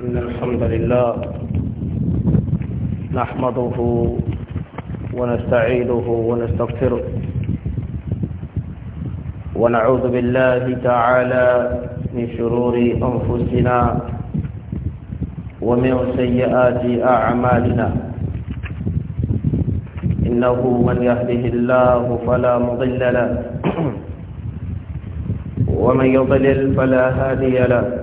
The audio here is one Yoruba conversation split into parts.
إن الحمد لله نحمده ونستعيده ونستغفره ونعوذ بالله تعالى من شرور أنفسنا ومن سيئات أعمالنا إنه من يهده الله فلا مضل له ومن يضلل فلا هادي له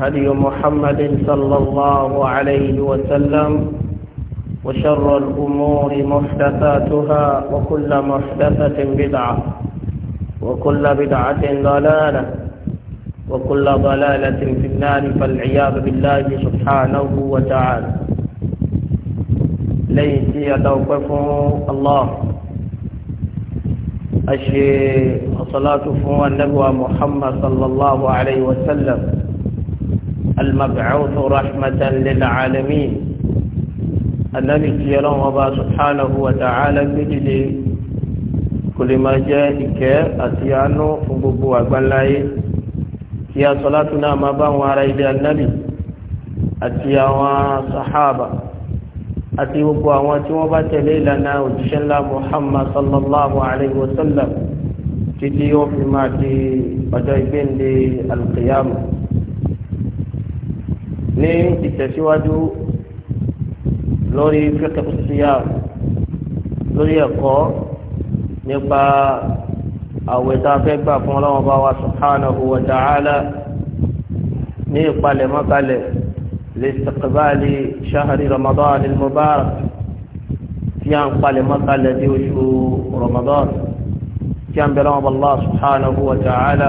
هدي محمد صلى الله عليه وسلم وشر الأمور محدثاتها وكل محدثة بدعة وكل بدعة ضلالة وكل ضلالة في النار فالعياذ بالله سبحانه وتعالى ليس يتوقف الله أشي الصلاة فهو النبوة محمد صلى الله عليه وسلم المبعوث رحمة للعالمين الذي جيران وبا سبحانه وتعالى بجلي كل ما جاءك أتيانو فبوبو أقبلاي يا صلاتنا ما بان وعلى النبي أتيا وصحابة àti gbogbo àwọn tí wọ́n bá tẹ̀lé ìlànà òjíṣẹ́ ńlá muhammad sallallahu alayhi wa sallam títí yóò ní ìtẹ̀síwájú lórí fẹ́kẹ̀kùsíyà lórí ẹ̀kọ́ nípa àwẹ̀ tá a fẹ́ gbà fún ọlọ́wọ́n bá wa subhanahu wa ta'ala ní ìpalẹ̀mọ́kalẹ̀ lè sàkàbáàlì sahari ramadan al-mubarak tí a ń palẹ̀mọ́kalẹ̀ dé oṣù ramadan tí a ń bẹ̀rẹ̀ wọn bá Allah subhanahu wa ta'ala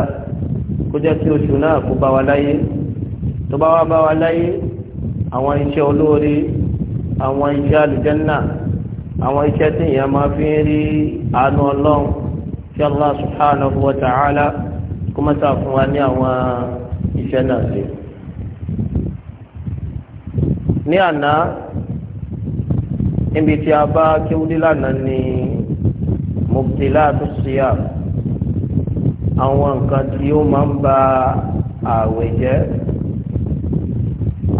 kó jẹ́ kí oṣù náà kó bá wa láyé tó bá wá bá wa láyé àwọn iṣẹ́ olóore àwọn iṣẹ́ àlùjànnà àwọn iṣẹ́ tí èèyàn máa fi ń rí àánú ọlọ́run tí Allah subhanahu wa ta'ala kó má sà fún wa ní àwọn iṣẹ́ náà sí. ní àná níbi tí a bá kéwúdí lánàá ni mubtilatu siyam àwọn nǹkan tí ó máa ń ba ààwẹ̀ jẹ́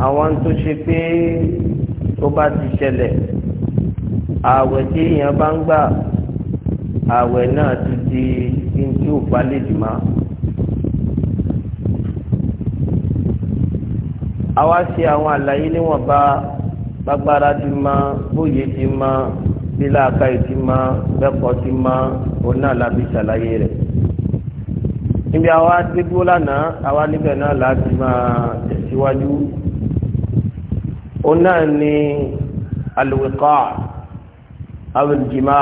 àwọn tó ṣe pé tó bá ti ṣẹlẹ̀ ààwẹ̀ tí èèyàn bá ń gbà ààwẹ̀ náà ti di ní tí ò bá lè dì máa. àwa ṣe àwọn àlàyé níwọ̀nba gbàgbára ti ma bóyè ti ma bíláàka yìí ti ma bẹ́kọ̀ ti ma òun náà la fi ṣàlàyé rẹ̀. níbi àwa dégbó lánàá àwa níbẹ̀ náà láti máa tẹ̀síwájú òun náà ni alùwẹ̀kọ́ awìlìjìmá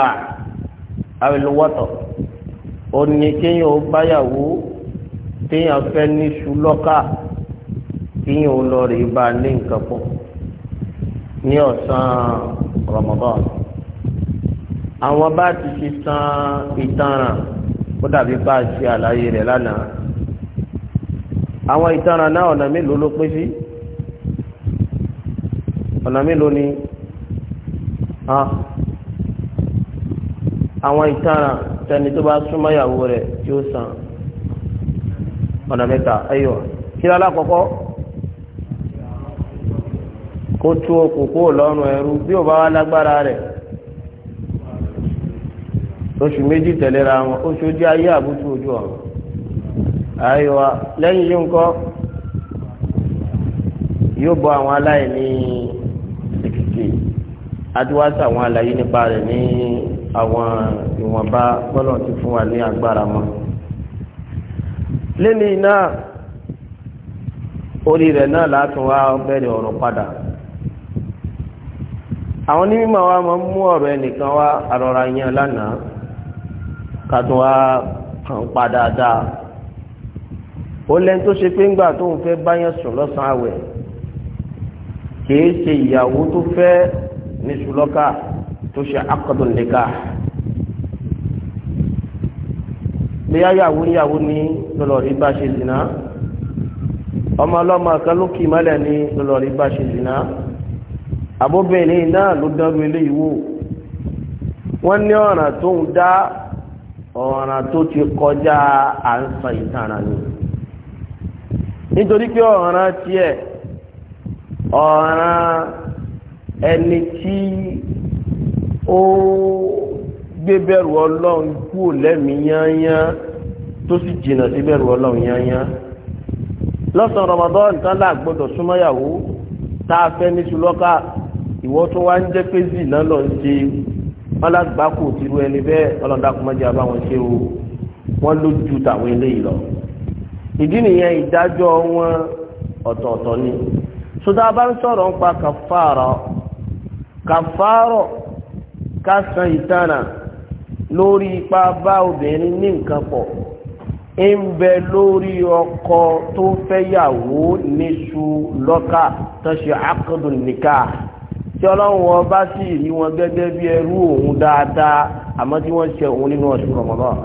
awìlìwọ́tọ̀ òun ni kéèyàn ó báyàwó téèyàn fẹ́ ní sùlọ́kà kéèyàn ó lọ rí bá a ní nǹkan pọ̀ ní ọ̀sán Ramadan àwọn bá ti fi san ìtanràn ó dàbí bá a ṣe àlàyé rẹ̀ lánàá àwọn ìtanràn náà ọ̀nà mélòó ló pín sí ọ̀nà mélòó ni àwọn ìtaràn tẹni tó bá súnmọ́ ìyàwó rẹ̀ tí ó san ọ̀nà mẹ́ta ayọ̀ kí lọ́la kọ́kọ́ kó tú okùn kó lọ́rùn ẹrú bí ó bá wá lágbára rẹ̀ oṣù méjì tẹ̀léra wọn oṣù ojú ayé àbútú ojú ọ̀run ayọ̀ lẹ́yìn yìí ń kọ́ yóò bọ́ àwọn aláìní. tẹ̀sí adúwásí àwọn àlàyé nípa rẹ̀ ní àwọn ìwọ̀nba ti fún wa ní agbára mọ́ lẹ́ni náà orí rẹ̀ náà látún wá bẹ̀rẹ̀ ọ̀rọ̀ padà àwọn onímọ̀ wa máa mú ọ̀rọ̀ ẹnìkan wá yẹn lánàá ká tún wá kàn ó kìí ṣe ìyàwó tó fẹ́ ní ṣùlọ́kà tó ṣe akọ̀dùn nìkà bóyá yàwó yàwó ní lọ́lọ́rí bá ṣe zìnà ọmọ ọlọ́mọ kan ló kì mọ́lẹ̀ ní lọ́lọ́rí bá ṣe zìnà àbóbìnrin náà ló dánwó eléyìí wò wọ́n ní ọ̀ràn tó ń dá ọ̀ràn tó ti kọjá à ń sọ ìtara ni nítorí pé ọ̀ràn tiẹ̀ ọ̀ràn ẹni tí ó gbé bẹ̀rù ọlọ́run kúrò lẹ́mìí yányá tó sì jìnnà sí bẹ̀rù ọlọ́run yányá lọ́sàn-án Ramadan tán là gbọ́dọ̀ súnmọ́yàwó tá a fẹ́ ní sulọ́ka ìwọ tó wá ń jẹ́ pé zì náà lọ ń ṣe alágbàkù tìrú ẹni bẹ́ẹ̀ ọlọ́dàkùnmọ́jà bá wọn ṣe o wọ́n ló ju tàwọn eléyìí lọ ìdí nìyẹn ìdájọ́ wọn ọ̀tọ̀ọ̀tọ̀ ni sọdá bá ń sọ̀rọ̀ nípa kàfàrọ̀ kàfàrọ̀ ká san ìtanà lórí ipa bá obìnrin ní nǹkan pọ̀ ń bẹ lórí ọkọ tó fẹ́yàwó níṣu lọ́kà tó ṣe àkọdùn nìkan tí ọlọ́run wọn bá sì rí wọn gẹ́gẹ́ bí ẹrú òun dáadáa àmọ́ tí wọ́n ṣe òun nínú oṣù Ramadan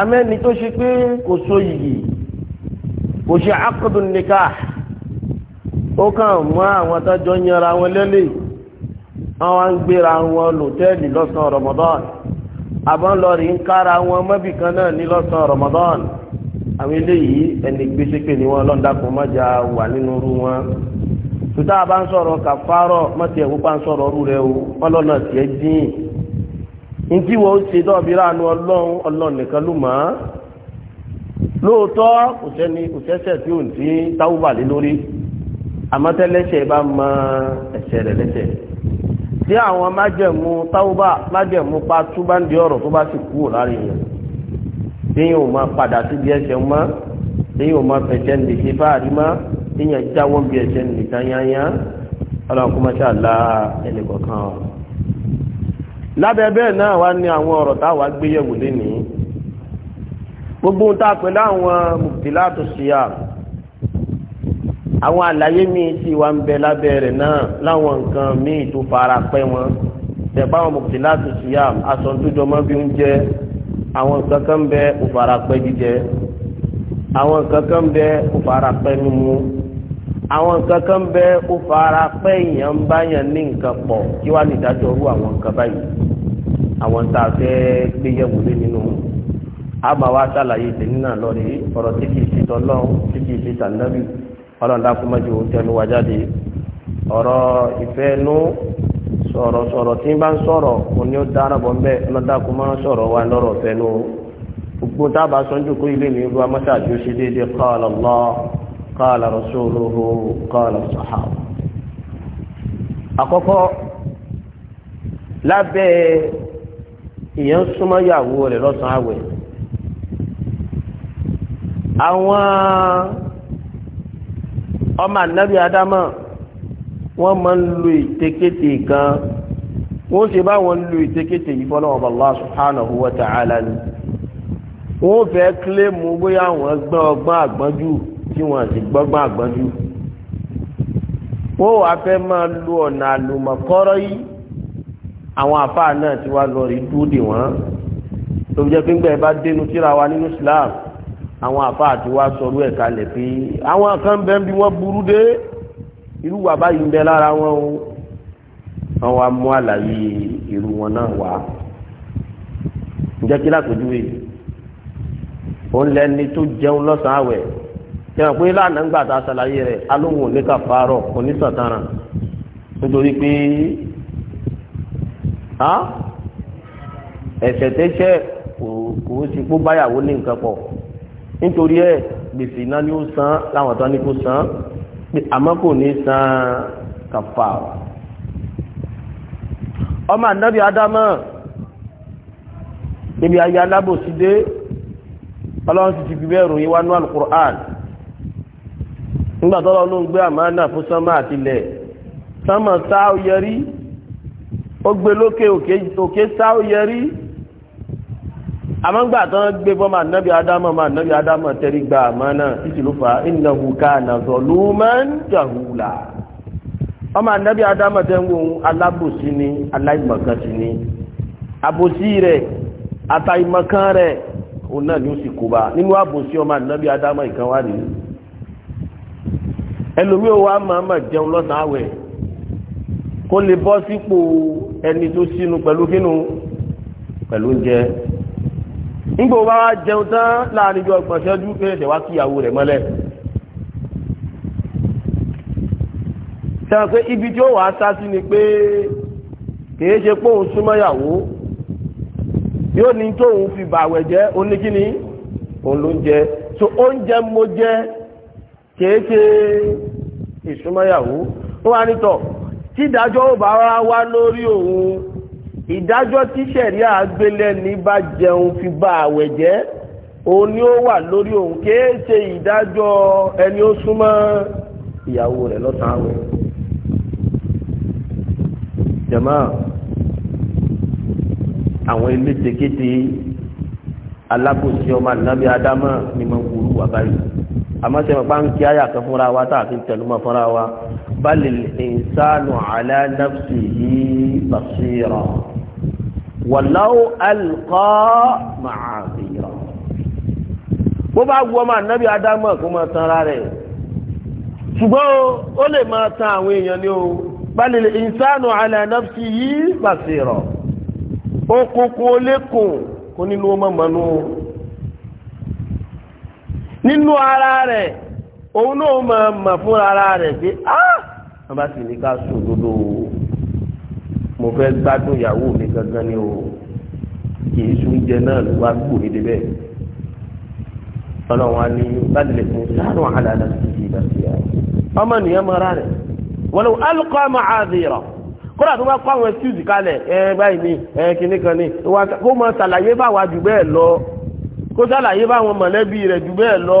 amẹ́ni tó ṣe pé kò so yìí kò ṣe akadun nikah ó kàn mú àwọn tọ́jọ́ yanra wọn lélẹ̀ àwọn ń gbéra lòtẹ́ẹ̀lì lọ́sàn-án Ramadan àbọ̀n lọ́ọ̀rì ń kára wọn mọ́bì kan náà ní lọ́sàn-án Ramadan àwọn eléyìí ẹni gbèsèké ni wọn lọ́ndàkùn mọ́jà wà nínú rú wọn tuta a bá ń sọ̀rọ̀ ka fárọ̀ mọ́tì ẹ̀wọ́ bá ń sọ̀rọ̀ ọ̀rú rẹ o ọlọ́nà tiẹ̀ dín in tí wọ́n ṣe dọ́ọ̀bí ránu ọlọ́run ọlọ́run nìkan ló mọ̀ lóòótọ́ kò sẹ́ni kò sẹ́sẹ̀ tí ò ní táwùbà lé lórí àmọ́tẹ́lẹ́sẹ̀ bá mọ ẹ̀ṣẹ̀ rẹ̀ lẹ́sẹ̀ tí àwọn májẹ̀mú táwùbà májẹ̀mú pa túbáǹdì ọ̀rọ̀ tó bá sì kú ò lárí yẹn tí yóò máa padà síbi ẹ̀ṣẹ̀ mọ́ tí yóò máa fẹ̀ṣẹ̀ nìṣe fáàrí mọ́ tí yẹn jáwọ́ bí ẹ̀ṣẹ̀ nìkan yányá ọlọ́kùnmọ́ṣà lá ẹnìkọ̀ọ̀kan lábẹ́ bẹ́ẹ̀ náà wá ní àwọn ọ̀rọ̀ táwa gbéyẹ̀wò lénìí gbogbo ohun tá a pè láwọn mùtìláàtò síyà àwọn àlàyé míì tí wà ń bẹ lábẹ́ rẹ̀ náà láwọn nǹkan míì tó fara pẹ́ wọn tẹ̀pá àwọn mùtìláàtò síyà aṣọ tó jọmọ́ bí ń jẹ́ àwọn nǹkan kan bẹ kò fara pẹ́ jíjẹ àwọn nǹkan kan bẹ kò fara pẹ́ mímu àwọn nǹkan kan bẹ kò fara pẹ́ èèyàn ń báyàn ní nǹkan pọ̀ kí wàá nìdájọ́ rú àwọn nǹkan báyìí àwọn tá a fẹ́ gbéyẹ̀wò lé nínú wọn. àbá wa ṣàlàyé tèmi náà lori ọrọtiki ọ̀rọ̀ tí kìí ṣe tọ́lọ́hún tí kìí ṣe ọlọ́run tẹnu wa jáde ọ̀rọ̀ ìfẹ́ sọ̀rọ̀ sọ̀rọ̀ tí bá ń sọ̀rọ̀ òní ó dára bọ̀ ńbẹ́ sọ̀rọ̀ wa lọ́rọ̀ fẹ́ gbogbo tábà sọ́njú kó ilé mi ru amáṣáájú ṣe déédé qala Allah qala rasuluhu àkọ́kọ́ àwọn ọmọ ànábì adámọ̀ wọ́n máa ń lo ìtekéte kan wọ́n ṣe bá wọn lo ìtekéte yìí fọ́nà ọba Allah subhanahu wa ta'ala ni wọ́n fẹ́ kílèmù bóyá àwọn gbọ́n ọgbọ́n àgbọ́njú tí wọ́n sì gbọ́gbọ́n àgbọ́njú wọ́n wá fẹ́ máa lo ọ̀nà àlùmọ̀kọ́rọ́ yìí àwọn àfáà náà ti wá lọ rí dúdì wọ́n tó fi jẹ́ pé ń gbẹ́ bá dénú síra wa nínú Islam àwọn àfa àti wá sọrú ẹ̀ kalẹ̀ pé àwọn kan bẹ́ẹ̀ bí wọ́n burú dé irú wà báyìí ń bẹ lára wọn o wọn wá mú àlàyé irú wọn náà wá ǹjẹ́ kí lápèjúwe òun lẹni tó jẹun lọ́sàn-án àwẹ̀ tẹ̀wọ̀n pé lánàá ń gbà tá a ṣàlàyé rẹ̀ alóhùn òní kàfàárọ̀ onísàtàrà nítorí pé ẹ̀ṣẹ̀ tẹ́ṣẹ̀ kò kò sí kó báyàwó ní nǹkan pọ̀ nítorí ẹ̀ gbèsè náà ni ó san láwọn tán ní kó san àmọ́ kò ní san kàfàrà ọmọ ànábì adámọ́ níbi ayé alábòsí dé ọlọ́run ti ti fi bẹ́ẹ̀ ròyìn wá ní alukur'an nígbà tọ́lọ́ ló ń gbé àmánà fún sánmà àtìlẹ̀ sánmà sáà ó yẹrí ó gbé lókè òkè sáà ó yẹrí àmọ́ngbà tó ń gbé bọ́ máa nábi adámọ̀ máa nábi adámọ̀ tẹ́rí gba àmọ́ náà títí ló fa innahu kana zaluman jahula ọmọ nábi adámọ̀ tẹ́ ń wo alábòsí ni aláìmọ̀kan sí ni àbòsí rẹ̀ àtàìmọ̀kan rẹ̀ òun náà ni ó sì kó bá nínú àbòsí ọmọ nábi adámọ̀ ìkan wá nìyí ẹlòmí ò wá màmá jẹun lọ́sàn-án àwẹ̀ kó lè bọ́ sípò ẹni tó sínú pẹ̀lú kínú pẹ̀lú oúnjẹ nígbà wọ́n wá jẹun tán láàrin bí ọgbọ̀n ṣẹ́jú kéèṣẹ̀ wá kíyàwó rẹ̀ mọ́lẹ̀ sẹ́wọ̀n pé ibi tí ó wàá sá sí ni pé kìí ṣe pé òun súnmọ́ ìyàwó yóò ní tóun fi bàwẹ̀ jẹ́ oníkíní òun ló ń jẹ so oúnjẹ mo jẹ kìí ṣe ìsúnmọ́ ìyàwó ó wá nítọ̀ tí ìdájọ́ ò bá wá lórí òun ìdájọ́ tí sẹ̀ríà agbélẹ́ni bá jẹun fi bá àwẹ̀ jẹ́ òun ni ó wà lórí òun kìí ṣe ìdájọ́ ẹni ó súnmọ́ ìyàwó rẹ̀ lọ́sàn-án àwẹ̀ jẹ̀mọ́ àwọn eléte kété alákòóso ọmọ ànábì ádámà ni mo ń wúru wà báyìí àmọ́ sẹ́mi pa ń kí àyà kan fúnra wa tá a fi tẹnumọ́ fúnra wa balil insanu ala nafsihi basira wàláwó alùkọ́ màá bìyàn bó bá wù ọmọ ànábì adámọ̀ kó máa tan ara rẹ̀ ṣùgbọ́n ó lè máa tan àwọn èèyàn ní o balil insanu ala nafsihi basira okòkò lẹ́kùn kó nínú ọmọ mọ́nú nínú ara rẹ̀ òun náà máa mọ̀ fún ara rẹ̀ pé ah bá sì ní ká sòdodo o mo fẹ́ gbádùn ìyàwó mi gangan ni o kì í sún jẹ náà ló wá gbò mí débẹ̀ ọlọ́run á ní láti lè fún sáárùn àlàlà sí i láti yà ọmọ nìyẹn mọ ara rẹ̀ wọlé alùpùpù àmọ́ àdìrọ̀ kódà tó bá kó àwọn ẹsíùsì kalẹ̀ ẹ báyìí ni ẹ kìnnì kan ni kó mọ ṣàlàyé báwa jù bẹ́ẹ̀ lọ kó ṣàlàyé báwọn mọ̀lẹ́bí rẹ̀ jù bẹ́ẹ̀ lọ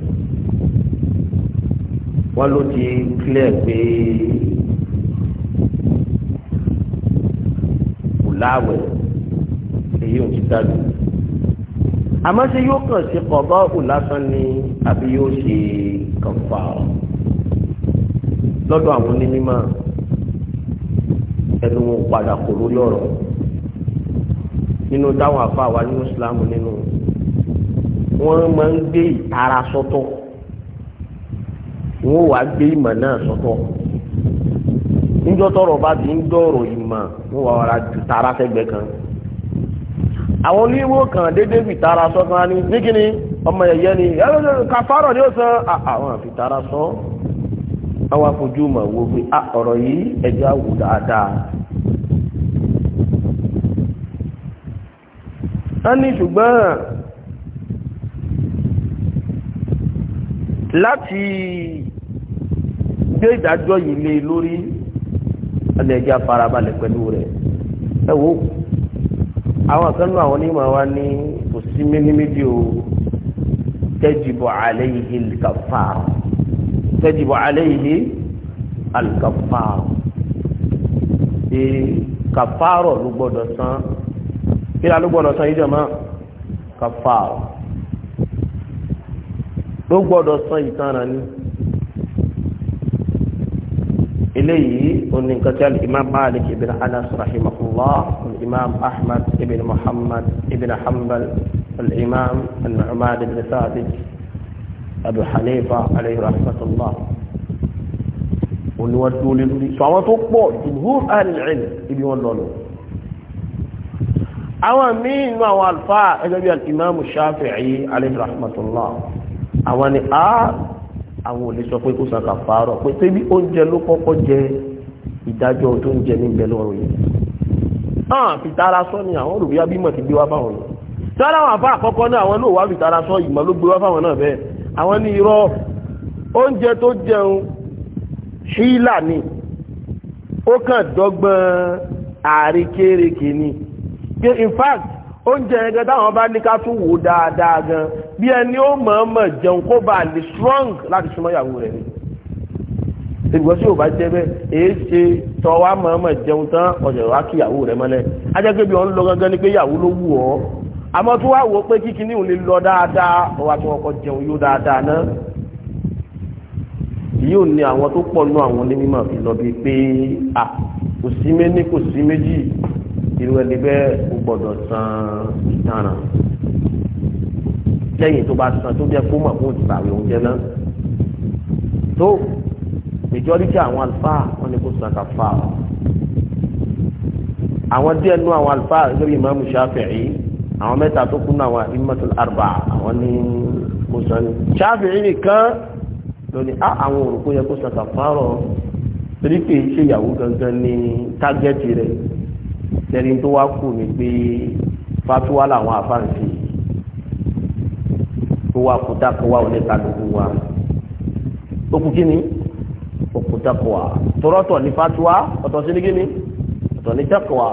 wọ́n ló ti clear pé kò láwẹ̀ èyí ò ti dájú àmọ́ ṣé yóò kàn sí kọ̀ọ̀bọ́ọ̀kù lásán ni àbí yóò ṣe kànfà ọ́ lọ́dọ̀ àwọn onímọ̀ ẹnu wọn padà kò lórí ọ̀rọ̀ nínú táwọn afáwa ní Islam nínú wọ́n máa ń gbé ìtara sọ́tọ̀. So wọn wa gbé ìmọ̀ náà sọ́tọ̀ níjọ́ tọrọ bá ti ń dọ̀rọ̀ ìmọ̀ wọn tara kan àwọn oníwó kan déédéé fi tara sọ kan ní ní kíni ọmọ ni kàfárọ̀ ni ó san àwọn àfi tara sọ àwọn afojú mọ̀ wo pé ọ̀rọ̀ yìí ẹjọ́ àwò dáadáa wọ́n ní ṣùgbọ́n láti gbé ìdájọ́ yìí lé lórí ẹlẹ́jà farabalẹ̀ pẹ̀lú rẹ̀ ẹ wò àwọn akẹ́nu àwọn onímọ̀ wa ní kò sí mílímídìí o tẹ́jìbọ̀ alẹ́ yìí kàfà tẹ́jìbọ̀ alẹ́ yìí alùkàfà ee kàfàrọ̀ ló gbọ́dọ̀ san kí ló gbọ́dọ̀ san yìí jọ̀ mọ́ kàfàrọ̀. ló gbọ́dọ̀ sọ ìtanràn ni eléyìí oní nǹkan tí al-imam malik ibn anas rahimahullah ọ̀lá imam ahmad ibn muhammad ibn hanbal al-imam an-nu'man ibn thabit abu hanifa alayhi rahmatullah oníwájú olè lórí sọ àwọn tó pọ̀ jumhur al-ilm ibi wọn lọ lọ àwọn míì nínú àwọn alfa ẹgbẹ́ bíi al-imam shafi'i alayhi rahmatullah àwọn ni a àwọn ò lè sọ pé kó san kàfàárọ̀ pé tẹ́bí oúnjẹ ló kọ́kọ́ jẹ ìdájọ́ tó ń jẹ níbẹ̀ lọ́rùn yìí hàn fìtara sọ ni àwọn olùbíyá bímọ ti gbé wá fáwọn yìí tọ́lá àwọn àfá àkọ́kọ́ náà àwọn olóòwà fìtara sọ ìmọ̀ ló gbé wá fáwọn náà bẹ́ẹ̀ àwọn ní irọ́ oúnjẹ tó jẹun ṣílà ni ó kàn dọ́gbọ́n àríkèrèkè ni in fact oúnjẹ ẹgẹ táwọn bá ní ká tún wò dáadáa gan bí ẹni ó mọ̀ọ́mọ̀ jẹun kó bá lè strong láti súnmọ́ ìyàwó rẹ̀ ni ìgbọ́ tí ò bá jẹ́ bẹ́ẹ̀ èé ṣe tọ́ wa mọ̀ọ́mọ̀ jẹun tán ọ̀sẹ̀ wa kí ìyàwó rẹ̀ mọ́lẹ̀ ajẹ́gbẹ́ bí wọ́n lọ gangan ni pé ìyàwó ló wù ọ́ àmọ́ tó wá wò ó pé kíkí ní òun lè lọ dáadáa ọwọ́ àti ọkọ̀ jẹun yóò dáadáa náà yóò ní àwọn tó pọ̀ nú àwọn onímọ̀ fi lọ bíi pé à kò sí méjì irú ẹni bẹ́ẹ̀ ó gbọ́dọ̀ san ìtanràn lẹ́yìn tó bá san tó jẹ́ kó mọ̀ kó ti bàwé oúnjẹ náà tó majority àwọn àlùfáà wọn ni kò san kàfà àwọn díẹ̀ nú àwọn àlùfáà lórí ìmáàmù Ṣáfi'í àwọn mẹ́ta tó kún àwọn immatul arba àwọn ní kò san ní Ṣáfi'í nìkan lónìí á àwọn òrùkú yẹ kó san kàfà rọ̀ torí pé iṣẹ́ ìyàwó gangan ní tágẹ́tì rẹ̀ tẹ́rin tó wá kù ní pé fatuwa làwọn afáǹsì tó wá kúta kó wá òní kálukú wa ó kú kí ni òkúta kó wa tọrọtọ ní fatuwa ọ̀tọ̀ sí ní kí ni ọ̀tọ̀ ní tẹ́kọ̀ọ́ wa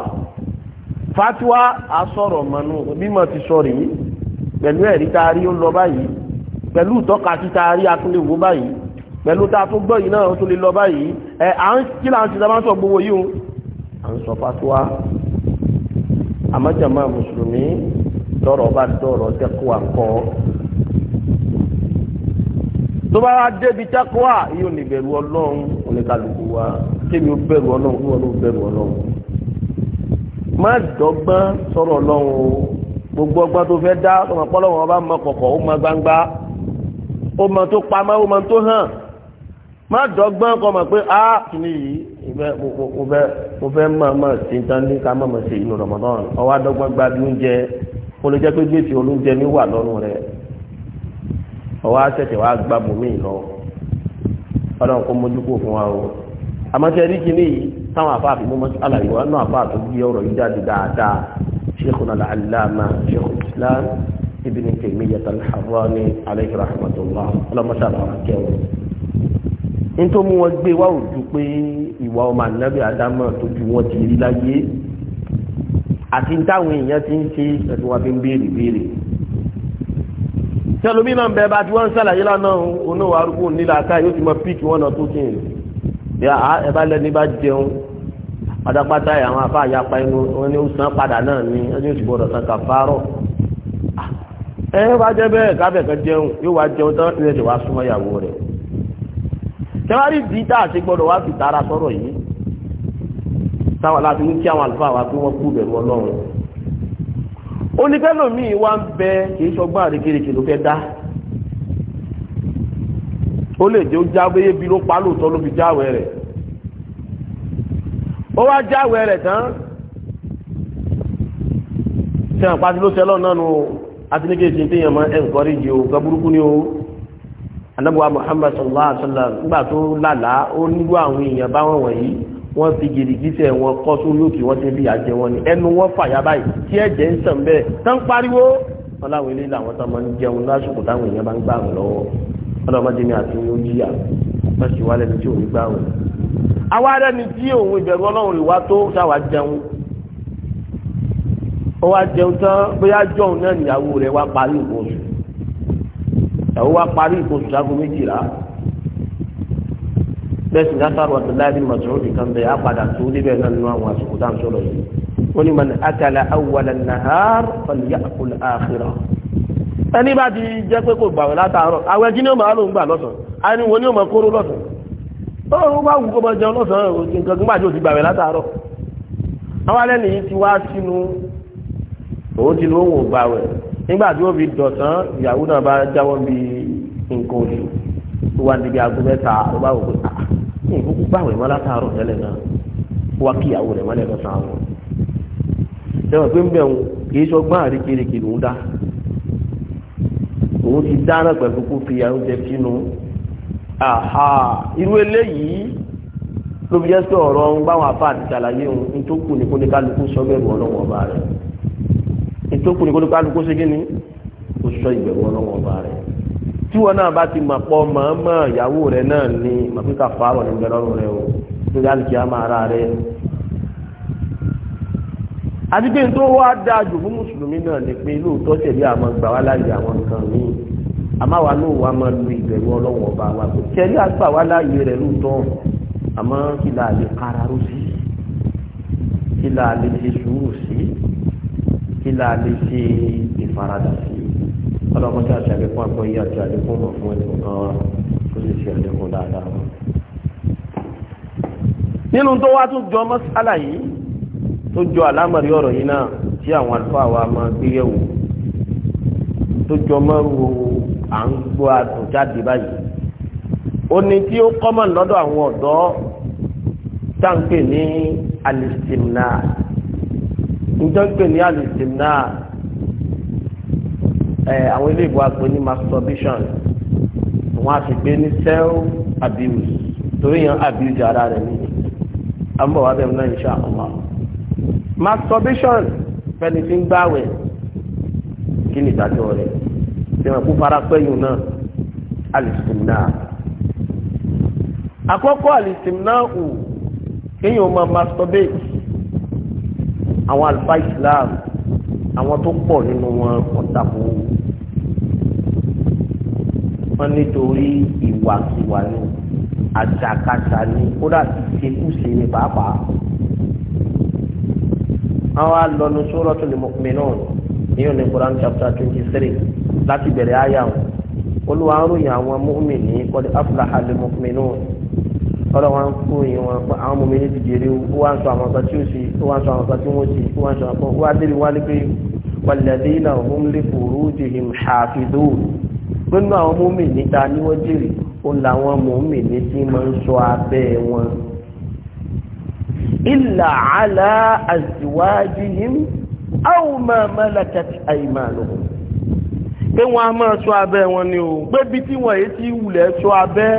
fatuwa asọ̀rọ̀ mọ́nú bímọ ti sọ̀rọ̀ yìí pẹ̀lú ẹ̀rí tá a rí ó lọ báyìí pẹ̀lú ìtọ́ka tí tá a rí akúnléwò báyìí pẹ̀lú tá tó gbọ́ yìí náà tó lè lọ báyìí ẹ̀ à ń kí là ń ti dábàá sọ gbowó yìí o à ń sọ fatuwa àmọ́jàmá mùsùlùmí lọ́rọ̀ bá dọ̀rọ̀ tẹ́kọ̀ọ́ àkọ́ tó bá débi tẹ́kọ̀ọ́ yóò ní bẹ̀rù ọlọ́run oníkàlùkù wa kémi ó bẹ̀rù ọlọ́run kí wọn ó bẹ̀rù ọlọ́run má dọ́gbọ́n sọ̀rọ̀ ọlọ́run o gbogbo ọgbọ́n tó fẹ́ dá ọmọ pọ́lọ́wọ́n ọba mọ kọ̀kọ̀ ó mọ gbangba ó tó pamọ́ ó tó hàn má dọ́gbọ́n kọ́ mọ̀ pé áá ah, kìíní yìí mo fẹ́ máa máa ṣe ń tán ní ká máa máa inú Ramadan ọwọ́ adọ́gbọ́n gba bí oúnjẹ ó lè jẹ́ pé gbèsè olóúnjẹ mi wà lọ́rùn rẹ̀ ọwọ́ àṣẹ̀ṣẹ̀ wàá gbà bòmí lọ ọlọ́run kó mójú kó fún wa o àmọ́ ṣe rí kìíní yìí táwọn àfáàfin mú aláyé wa náà àfáà tó gbé ọ̀rọ̀ yìí jáde dáadáa Sheikhuna Ibn Taymiyyah al alayhi rahmatullah ọlọ́mọṣàlá wa nítorí mú wọn gbé wá ò ju pé ìwà ọmọ ànábì àdámọ̀ tó ju wọn ti rí láyé àti táwọn èèyàn ti ń ṣe ẹ̀sùn wa fi ń béèrè béèrè tẹlomi náà bẹ bá tí wọn ń ṣàlàyé lánàá oníwà arúgbó nílà ká yóò ti mọ píìkì wọn náà tó ti rìn bí ẹ bá lẹni bá jẹun pátápátá yà wọn afa àyàpá inú wọn ni ó san padà náà ní ẹni oṣù gbọ́dọ̀ san kàfárọ ah, ẹ wá jẹ bẹ́ẹ̀ kábẹ kan jẹun yóò wá jẹun tán ilé ti wá súnmọ́ ìyàwó rẹ̀ tẹwárí bíi tá a ṣe gbọ́dọ̀ wá fi tara sọ̀rọ̀ yìí táwọn aláàbí ń kí àwọn àlùfáà wá pé wọn kú bẹ̀rù Ọlọ́run oníkẹlòmíì wá ń bẹ kìí sọgbọn àrékèrèkè ló fẹ́ dá ó lè jẹ́ ó jáwéyé bí ló pa lóòótọ́ ló fi jáwé rẹ̀ ó wá jáwé rẹ̀ tán sẹ́wọ̀n pàṣẹ ló sẹ́lọ̀ náà nù àti ní kéèké téèyàn máa ń ẹ̀ńkọ́rẹ́jì o gbàgbúrúkú ni o anábọ̀wá Muhammad sallallahu alaihi wasallam sallam nígbà tó lálàá ó nílò àwọn èèyàn báwọn wọ̀nyí wọ́n fi gìrìgìsẹ̀ wọn kọ́ sórí òkè wọ́n ti bí àjẹ wọn ni ẹnu wọn fàyà báyìí tí ẹ̀jẹ̀ ń sàn bẹ́ẹ̀ tán pariwo wọn láwọn ilé làwọn tó máa ń jẹun lásìkò táwọn èèyàn bá ń gbàrún lọ́wọ́ ọlọ́mọdé mi àti oyún jíyà wọ́n sì wá lẹ́nu tí òun gbàrún. àwa rẹ̀ ni tí òun ìbẹ̀rù ọlọ́run rè wá tó sáwà jẹun ó wá jẹun tán bóyá jọ̀hún náà níyàwó rẹ̀ wá parí ìbòsùn ẹ̀wọ́ wa parí ìkóso sago méjìlá bẹ́ẹ̀ sì látàrí wàtí láàbí màsúrúdì bẹ́ẹ̀ apàdà tó débẹ̀ náà nínú àwọn àsìkò tá à ń sọ̀rọ̀ yìí wọ́n ní mọ̀nà ẹni bá ti jẹ́ pé kò látàárọ̀ ni máa ń gbà lọ́sàn wọn ni máa kóró lọ́sàn ó bá wù kó máa jẹun lọ́sàn nǹkan tó nígbà tí wọ́n fi dọ̀tán ìyàwó náà bá jáwọ́ bí nǹkan oṣù tó wá níbi aago mẹ́ta ló bá wò pé ah ní ìkókó báwẹ̀ wọn látàárọ̀ tẹ́lẹ̀ náà wá kí ìyàwó rẹ̀ wọ́n lẹ̀ lọ́sàn-án wọn. sẹ́wọ̀n pé ń bẹ̀ wọn kì í sọgbọ́n àríkèrèkè ló ń dá òun ti dáná pẹ̀lú kó fi oúnjẹ sínú àhà irú eléyìí ló fi jẹ́ sọ ọ̀rọ̀ ń báwọn afáàdì ṣàlàyé òun ní tó kù ní kó ní kálukú sọ́gbẹ̀rù ọlọ́wọ́ ìtókù ní kólókó alùpùpù ṣe kíni ó sọ ìbẹ̀wò ọlọ́wọ́ ọba rẹ̀ tí wọn náà bá ti mọ̀ pọ̀ mọ̀ọ́mọ̀ ìyàwó rẹ̀ náà ni màfíkà fáwọn ní bẹ̀rọ̀rùn rẹ̀ o tó yá lùkìá máa ra rẹ̀. àti pé tó wá dáa jù fún mùsùlùmí náà ni pé lóòótọ́ tẹ̀lé àwọn gbà wá láàyè àwọn nǹkan míì àmọ́ àwa náà wà máa lu ìbẹ̀rù ọlọ́wọ́ ọba wa kò tẹ̀lé àgbà wá láàyè rẹ̀ lóòótọ́ àmọ́ kí láàyè kí la lè ṣe ìfaradà sí i ọlọ́mọ tí a ṣe àlékún àgbọ̀ yìí àti àlékún mọ̀ fún ẹni kan wá kó sì ṣe àlékún dáadáa wọn. nínú tó wá tún jọ mọ́sálà yìí tó jọ àlámọ̀rí ọ̀rọ̀ yìí náà tí àwọn àlùfáà wa máa gbé yẹ̀wò tó jọ mọ́rù à ń gbọ́ àtò báyìí oní tí ó kọ́mọ̀ lọ́dọ̀ àwọn ọ̀dọ́ táǹpẹ̀ ní alistimna njọ́pẹ̀ ní àlùsìn náà ẹ̀ àwọn ilé ìwà pé ní masturbation wọ́n á sì gbé ní self abuse torí yẹn abuse ara rẹ̀ ní àmọ́ wàá bẹ̀rẹ̀ náà insha Allah masturbation fẹ́ni tí ń gbàwẹ̀ kí ni ìdájọ́ rẹ̀ tẹ̀wọ̀n kó fara pẹ́yìn náà àlùsìn àkọ́kọ́ àlùsìn ò kéèyàn máa masturbate àwọn àlùfáà Islam àwọn tó pọ̀ nínú wọn ọ̀tàkù wọn nítorí ìwàkiwà ni àjàkàtà ni kódà ìṣekúṣe ni pàápàá àwọn alọ́nu Suratul Mu'minun ìyẹn ní Quran chapter twenty three láti bẹ̀rẹ̀ àyà wọn olúwa ń ròyìn àwọn mọ́mìnì kọ́lé afúláhà lè mọ́mìnì wọn ọlọ́wọ́n ń kó yìí wọn pé àwọn mọ́mìnì ti jèrè owó wá ń sọ àwọn kan tí ó ṣe wá sọ àwọn kan tí wọ́n ti wá sọ àpọ̀ wá débi wá ní pé walladhina hum li furujihim hafidun nínú àwọn mọ́mì níta ni wọ́n jèrè ó làwọn mọ́mì ní tí máa ń sọ abẹ́ wọn illa ala azwajihim aw ma malakat aymanuhum pé wọ́n á máa sọ abẹ́ wọn ni o pé bí tí wọ́n yé ti wulẹ̀ sọ abẹ́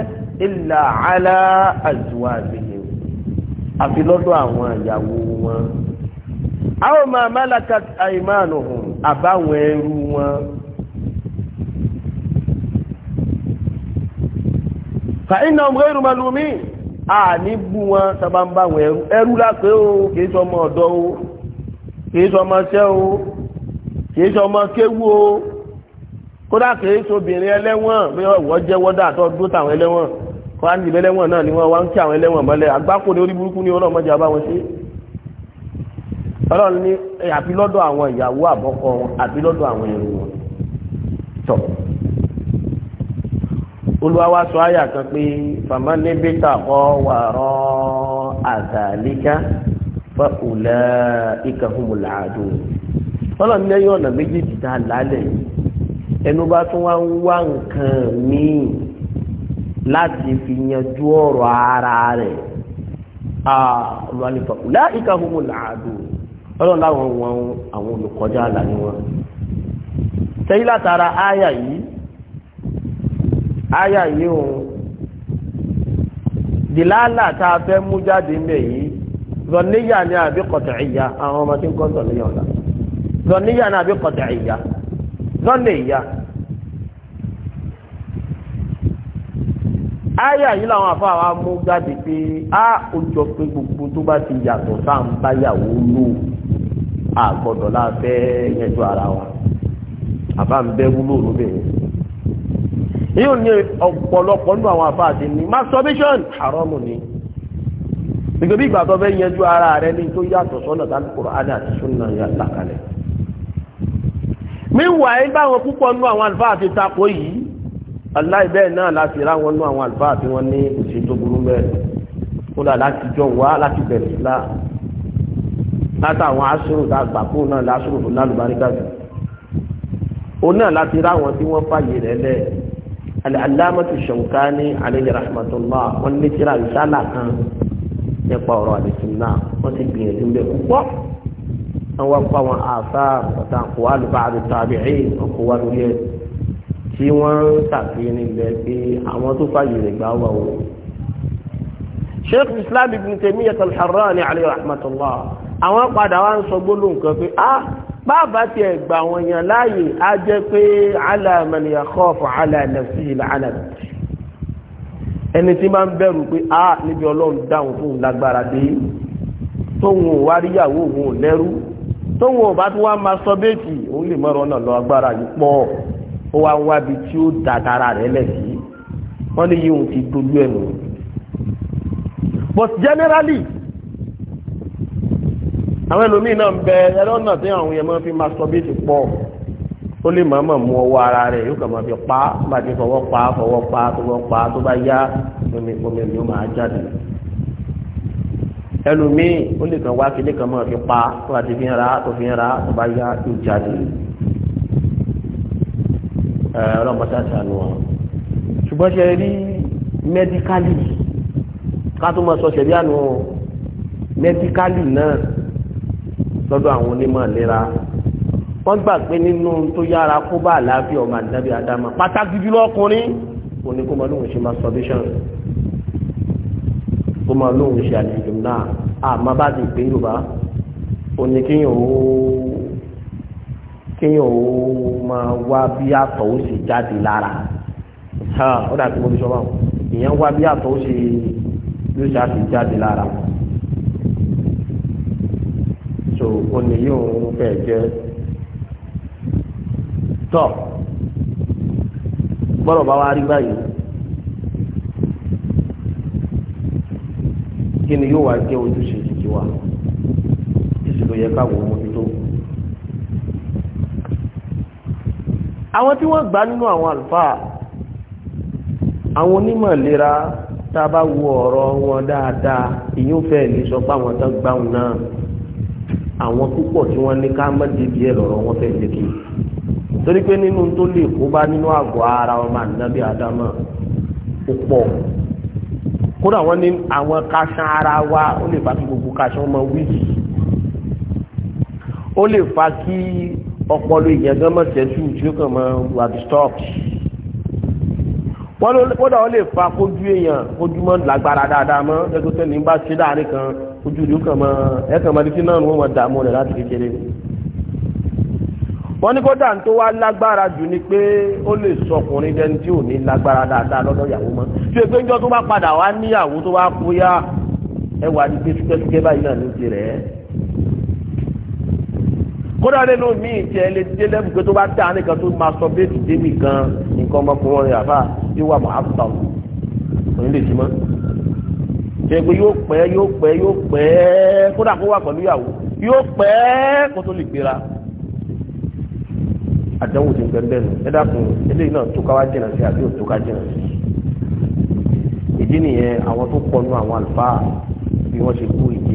illa ala azwajihim àfi lọ́dọ̀ àwọn ìyàwó wọn. àwọn máa málaka àìmánu hùn àbáwọn ẹrú wọn. fàínà ọmọ ẹrù màlúmi àní bú wọn sábà ń bá wọn ẹrú ẹrú lápẹ́ o kìí sọ ọmọ ọ̀dọ́ o kìí sọ ọmọ ṣẹ́ o kìí sọ ọmọ kéwu o kódà kìí sọ obìnrin ẹlẹ́wọ̀n bí wọ́n jẹ́ wọ́dà tó dúró táwọn ẹlẹ́wọ̀n wọ́n á ní ìlẹ́lẹ́wọ̀n náà ni wọ́n wá ń kí àwọn ẹlẹ́wọ̀n mọ́lẹ̀ àgbákò ní orí burúkú ní ọlọ́run mọ́jà bá wọn ṣe ọlọ́run ní àbí lọ́dọ̀ àwọn ìyàwó àbọ́kọ wọn àbí lọ́dọ̀ àwọn ẹ̀rù wọn tọ̀ olùwàwá sọ àyà kan pé fàmà ní bíta ọ wà rọ àtàlíkà fẹ òlẹ ìkàhùnmùlà àdó ọlọ́run ní ẹyọ ọ̀nà méjèèjì tá a lálẹ́ ẹnu bá tún wá ń wá nǹkan míì láti fi yanjú ọ̀rọ̀ ara rẹ̀ ọlọ́nifọ̀kù láìka homo làádù ọlọ́run láwọn wọn àwọn olùkọjá àlà ni wọn tẹ́yí látara áyà yìí áyà yìí òun dìláàlà tá a fẹ́ mú jáde ń bẹ̀ yìí zọ̀níyà ni àbí kọ̀tẹ̀ìyà àwọn ọmọ ń kọ́ zọ̀níyà Aya yìí làwọn àfa wa mú jáde pé a ó jọ pé gbogbo tó bá ti yàtọ̀ sáà ń báyàwó lò a gbọ́dọ̀ láfẹ́ yẹjú ara wa àfa ń bẹ́ wúlò lóbẹ̀ yẹn yóò ní ọ̀pọ̀lọpọ̀ nínú àwọn àfa àti ní masturbation haram ni gbogbo bí ìgbà tó fẹ́ yẹjú ara rẹ ní tó yàtọ̀ sọ́nà tá Kùránì àti súnà yà lákalẹ̀ mi wà ẹ́ báwọn púpọ̀ nínú àwọn àfa àti takò yìí aláìbẹ́ẹ̀ náà láti ráwọn nú àwọn àlùfáà tí wọ́n ní òṣèlú tó burú bẹ́ẹ̀ ó là láti jọ wá láti bẹ̀rẹ̀ sílá látàwọn aṣòro tá a gbà kó náà láṣòro tó lálùbáríkà jù òun náà láti ráwọn tí wọ́n fàyè rẹ̀ lẹ̀ alámọ̀tò Ṣankani alayhi rahmatullah wọ́n ní tíra ìṣálà kan nípa ọ̀rọ̀ àdìsùn náà wọ́n ti gbìyànjú bẹ́ẹ̀ púpọ̀ àwọn àṣà ọ̀tàkùn alùbáàdì tàbí ẹ̀yìn tí wọ́n ń ṣàfihàn níbẹ̀ pé àwọn tó fàyè rẹ̀ gbà wà wò. sheikh islam ibn taymiyyah al-harrani alayhi rahmatullah àwọn padà wá ń sọ gbólóhùn kan pé ah bàbá tiẹ̀ gbà wọ́n yàn láàyè á jẹ́ pé ala man yakhafu ala nafsihi làánà ẹni tí máa ń bẹ̀rù pé a ah, níbi ọlọ́run dáhùn fún lágbára dé tóun ò wá òun ò lẹ́rú tóun ò bá tún wá máa sọ béèkì òun lè mọ̀rọ̀ náà lọ agbára yìí pọ̀ ó wá wábi tí ó da tara rẹ̀ lẹ̀ sí ní yíò ti dolú ẹ̀ nù. but generally àwọn ẹlòmíì náà ń bẹ ẹlọ́nà tí àwọn yẹn máa fi masturbate pọ̀ ó lè màmá mú ọwọ́ ara rẹ̀ yóò kàn máa fi pa máa fi fọwọ́ pa fọwọ́ pa fọwọ́ pa tó bá yá omi omi yóò máa jáde ẹlòmíì ó lè kàn wá kílé kan máa fi pa tó bá ti fi ń ra tó fi ń ra tó bá yá yóò jáde ọlọ́mọta sànù wọn ṣùgbọ́n ṣe rí mẹ́díkálì ká tó máa sọ ṣẹ̀rí àná mẹ́díkálì náà lọ́dọ̀ àwọn onímọ̀ ìlera wọ́n gbà pé nínú tó yára kó bá àlàáfíà ọmọ àdábì àdámà pàtàkì jùlọ ọkùnrin kò ní kó máa lóun ṣe masturbation kó máa lóun ṣe àlejò náà àmọ́ bá ti pé yorùbá ò kéèyàn ó kéèyàn ó máa wá bí àtọ̀ ó sì jáde lára ó dà bí mo ti sọ báwọn èèyàn wá bí àtọ̀ ó sì ló ṣe àti jáde lára so òní yóò ń fẹ́ jẹ́ tọ́ gbọ́dọ̀ bá wá rí báyìí kí ni yóò wá jẹ́ ojúṣe títí wa kí sì ló yẹ káwọn mójútó. àwọn tí wọ́n gbà nínú àwọn àlùfáà àwọn onímọ̀ ìlera tá a bá wo ọ̀rọ̀ wọn dáadáa ìyún fẹ́ lè sọ pé àwọn tán gbáhùn náà àwọn púpọ̀ tí wọ́n ní ká má débi ẹ̀ lọ́rọ̀ wọn fẹ́ lékè torí pé nínú tó lè kó bá nínú àgọ́ ara ọmọ ànábì àdámà ó pọ̀ kódà wọ́n ní àwọn kaṣan ara wa ó lè fa kí gbogbo kaṣan ọmọ wíìsì ó lè fa kí ọpọlọ ìyẹn gan mọ̀ tẹ́tù tí ó kàn máa wà disturbed wọ́n ló lè fa kójú èèyàn kójú mọ́ lágbára dáadáa mọ́ ẹgbẹ́ tẹ́lẹ̀ ń bá ṣe láàrin kan ojú ìlú kan mọ́ ẹ̀kan mọ́ títí náà ni wọ́n mọ̀ dààmú rẹ̀ láti kékeré wọ́n ní kódà tó wá lágbára jù ni pé ó lè sọ ọkùnrin dẹni tí ò ní lágbára dáadáa lọ́dọ̀ ìyàwó mọ́ tí o pé ń tó bá padà wá níyàwó tó wá kóyá ẹwà ní pé báyìí náà ní ti rẹ̀ ẹ́ kódà nínú mi ìtì ẹlẹ ti délé bùkẹ́ tó bá tẹ àwọn nìkan tó máa sọ bẹ́ẹ̀ ti débi gan nǹkan ọmọkùnrin àbá yóò wà mọ́ àbùtà òun lè jí mọ́ ṣẹ́gun yóò pẹ́ yóò pẹ́ yóò pẹ́ kódà kó wà pẹ̀lú ìyàwó yóò pẹ́ kó tó lè gbéra àdánwò ti gbẹ bẹ́ẹ̀ nù ẹ dákun eléyìí náà tó ká wá jìnnà sí àbí òtó ká jìnnà sí ìdí nìyẹn àwọn tó pọ̀ nù àwọn àlùfáà bí wọ́n ṣe kú yìí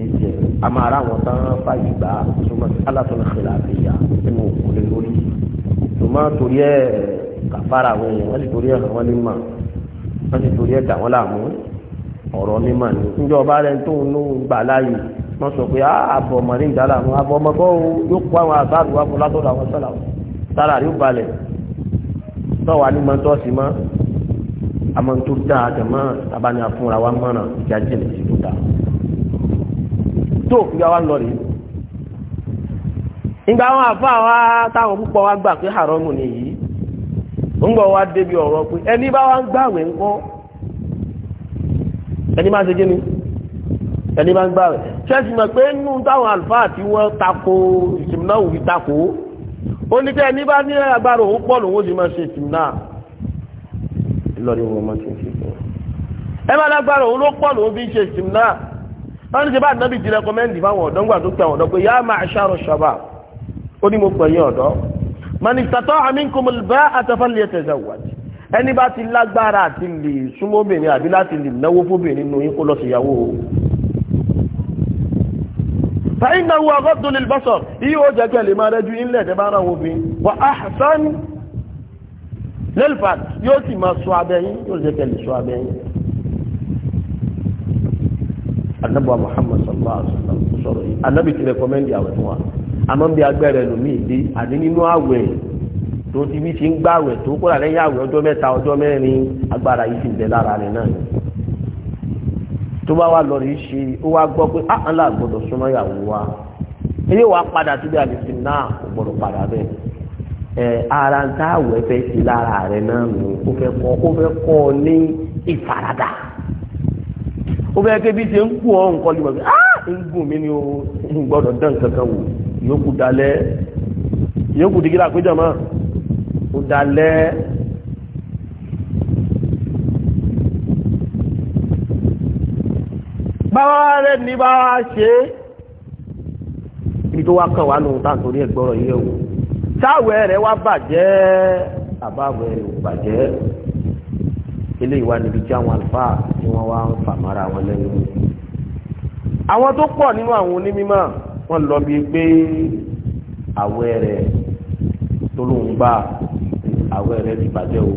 Amara máa ra àwọn tán fàyè gbà súnmọ́ alásùnà xìlà àbíyá nínú òkúlé lórí tòmá torí ẹ kàfàrà àwọn èèyàn wọ́n sì torí ẹ àwọn ní mà wọ́n sì torí ẹ dà wọ́n làmú ọ̀rọ̀ ní mà ní. njẹ́ ọba rẹ̀ tó ń gbà láàyè wọ́n sọ pé àbọ̀ ọmọ ní ìdálà àwọn àbọ̀ ọmọ kọ́ yóò kó àwọn àbáàrù wa fún látọ̀dọ̀ àwọn sọ́là sára yóò balẹ̀ tọ́wà ní mọ́tọ́sí mọ́ àmọ́ tó dáa jẹ̀mọ́ abáni afúnra wa mọ́ràn ìjà jìnà sí tó dáa tó ìgbà wa ń lọ rèé ìgbà àwọn àfa wa táwọn púpọ̀ wa gbà pé haramu nìyí ń gbọ́ wa débi ọ̀rọ̀ pé ẹni bá wa ń gbàwẹ̀ ńkọ́ ẹni máa ń ṣe kí ni ẹni máa ń gbàwẹ̀ ṣẹ́ẹ̀sì mọ̀ pé nínú táwọn àlùfáà tí wọ́n tako ìsìmìnà òwì tako ó ní kẹ́ ẹni bá ní agbára òun pọ̀ lòun ó sì máa ṣe ìsìmìnà lọ́dún wọn máa ti ń ṣe ìsìmìnà ẹ máa lágbára òun ló pọ̀ lòun fi ń ṣe ìsìmìnà báwọn ṣe bá nàbì ti rẹkọmẹ́ndì fáwọn ọ̀dọ́ ńgbà tó pẹ́ àwọn ọ̀dọ́ pé yá máa ṣàrò ṣàbà ó ní mo pè yín ọ̀dọ́ manifestatọ́ aminkumul bá àtẹfẹ́lẹ́ tẹ̀sẹ̀ wájú ẹni bá ti lágbára àti lè súnmọ́ obìnrin àbí láti lè náwó fóbìnrin nínú yín kó lọ sí ìyàwó o. fàyínà wo àgọ́dún lè bọ́sọ̀ iye ó jẹ́ kẹ́lẹ̀ máa rẹ́jú ilẹ̀ tẹ́ bá yóò sì máa sọ abẹ́yìn yóò jẹ́ kẹ́lẹ̀ sọ abẹ́yìn anabuwa muhammad sallallahu alaihi wa sallam sọ̀rọ̀ yìí anabi ti rẹkọmẹndì àwẹ̀ fún wa bí agbẹrẹ àní nínú tó ti bí ti ń gbà àwẹ̀ tó kó lálẹ́ yàwẹ̀ ọjọ́ mẹ́ta ọjọ́ mẹ́rin agbára yìí ti bẹ lára rẹ̀ náà ni tó bá wà lọ rí ṣe ó wá gbọ́ pé á ah, ńlá gbọ́dọ̀ súnmọ́ ìyàwó wa eré wa padà síbi àlèsí náà kò padà bẹ́ẹ̀ ẹ ara ń tá àwẹ̀ fẹ́ sí lára rẹ̀ náà ó fẹ́ kọ́ ó fẹ́ kọ́ ní ó bẹ́ẹ̀ kébi ṣe ń kú ọ nǹkan lè wọ́n fi ah, ń gùn mí ni o ń gbọ́dọ̀ dán kankan wò yòókù dalẹ̀ yòókù dìgírà péjọ mọ́ ó dalẹ̀ báwa rẹ̀ ní báwa ṣe ibi tó wá kàn wá nù táǹtorí ẹ̀gbọ́rọ̀ yẹ̀ wò táwẹ̀ rẹ̀ wá bàjẹ́ àbáwẹ̀ rẹ̀ ò bàjẹ́ eléyìí wá níbi tí àwọn àlùfáà tí wọ́n wá ń fàmọ́ra wọn lẹ́nu. àwọn tó pọ̀ nínú àwọn onímọ̀ wọ́n lọ bíi pé àwẹ̀ rẹ̀ tó ló ń gbà àwẹ̀ rẹ̀ ti bàjẹ́ o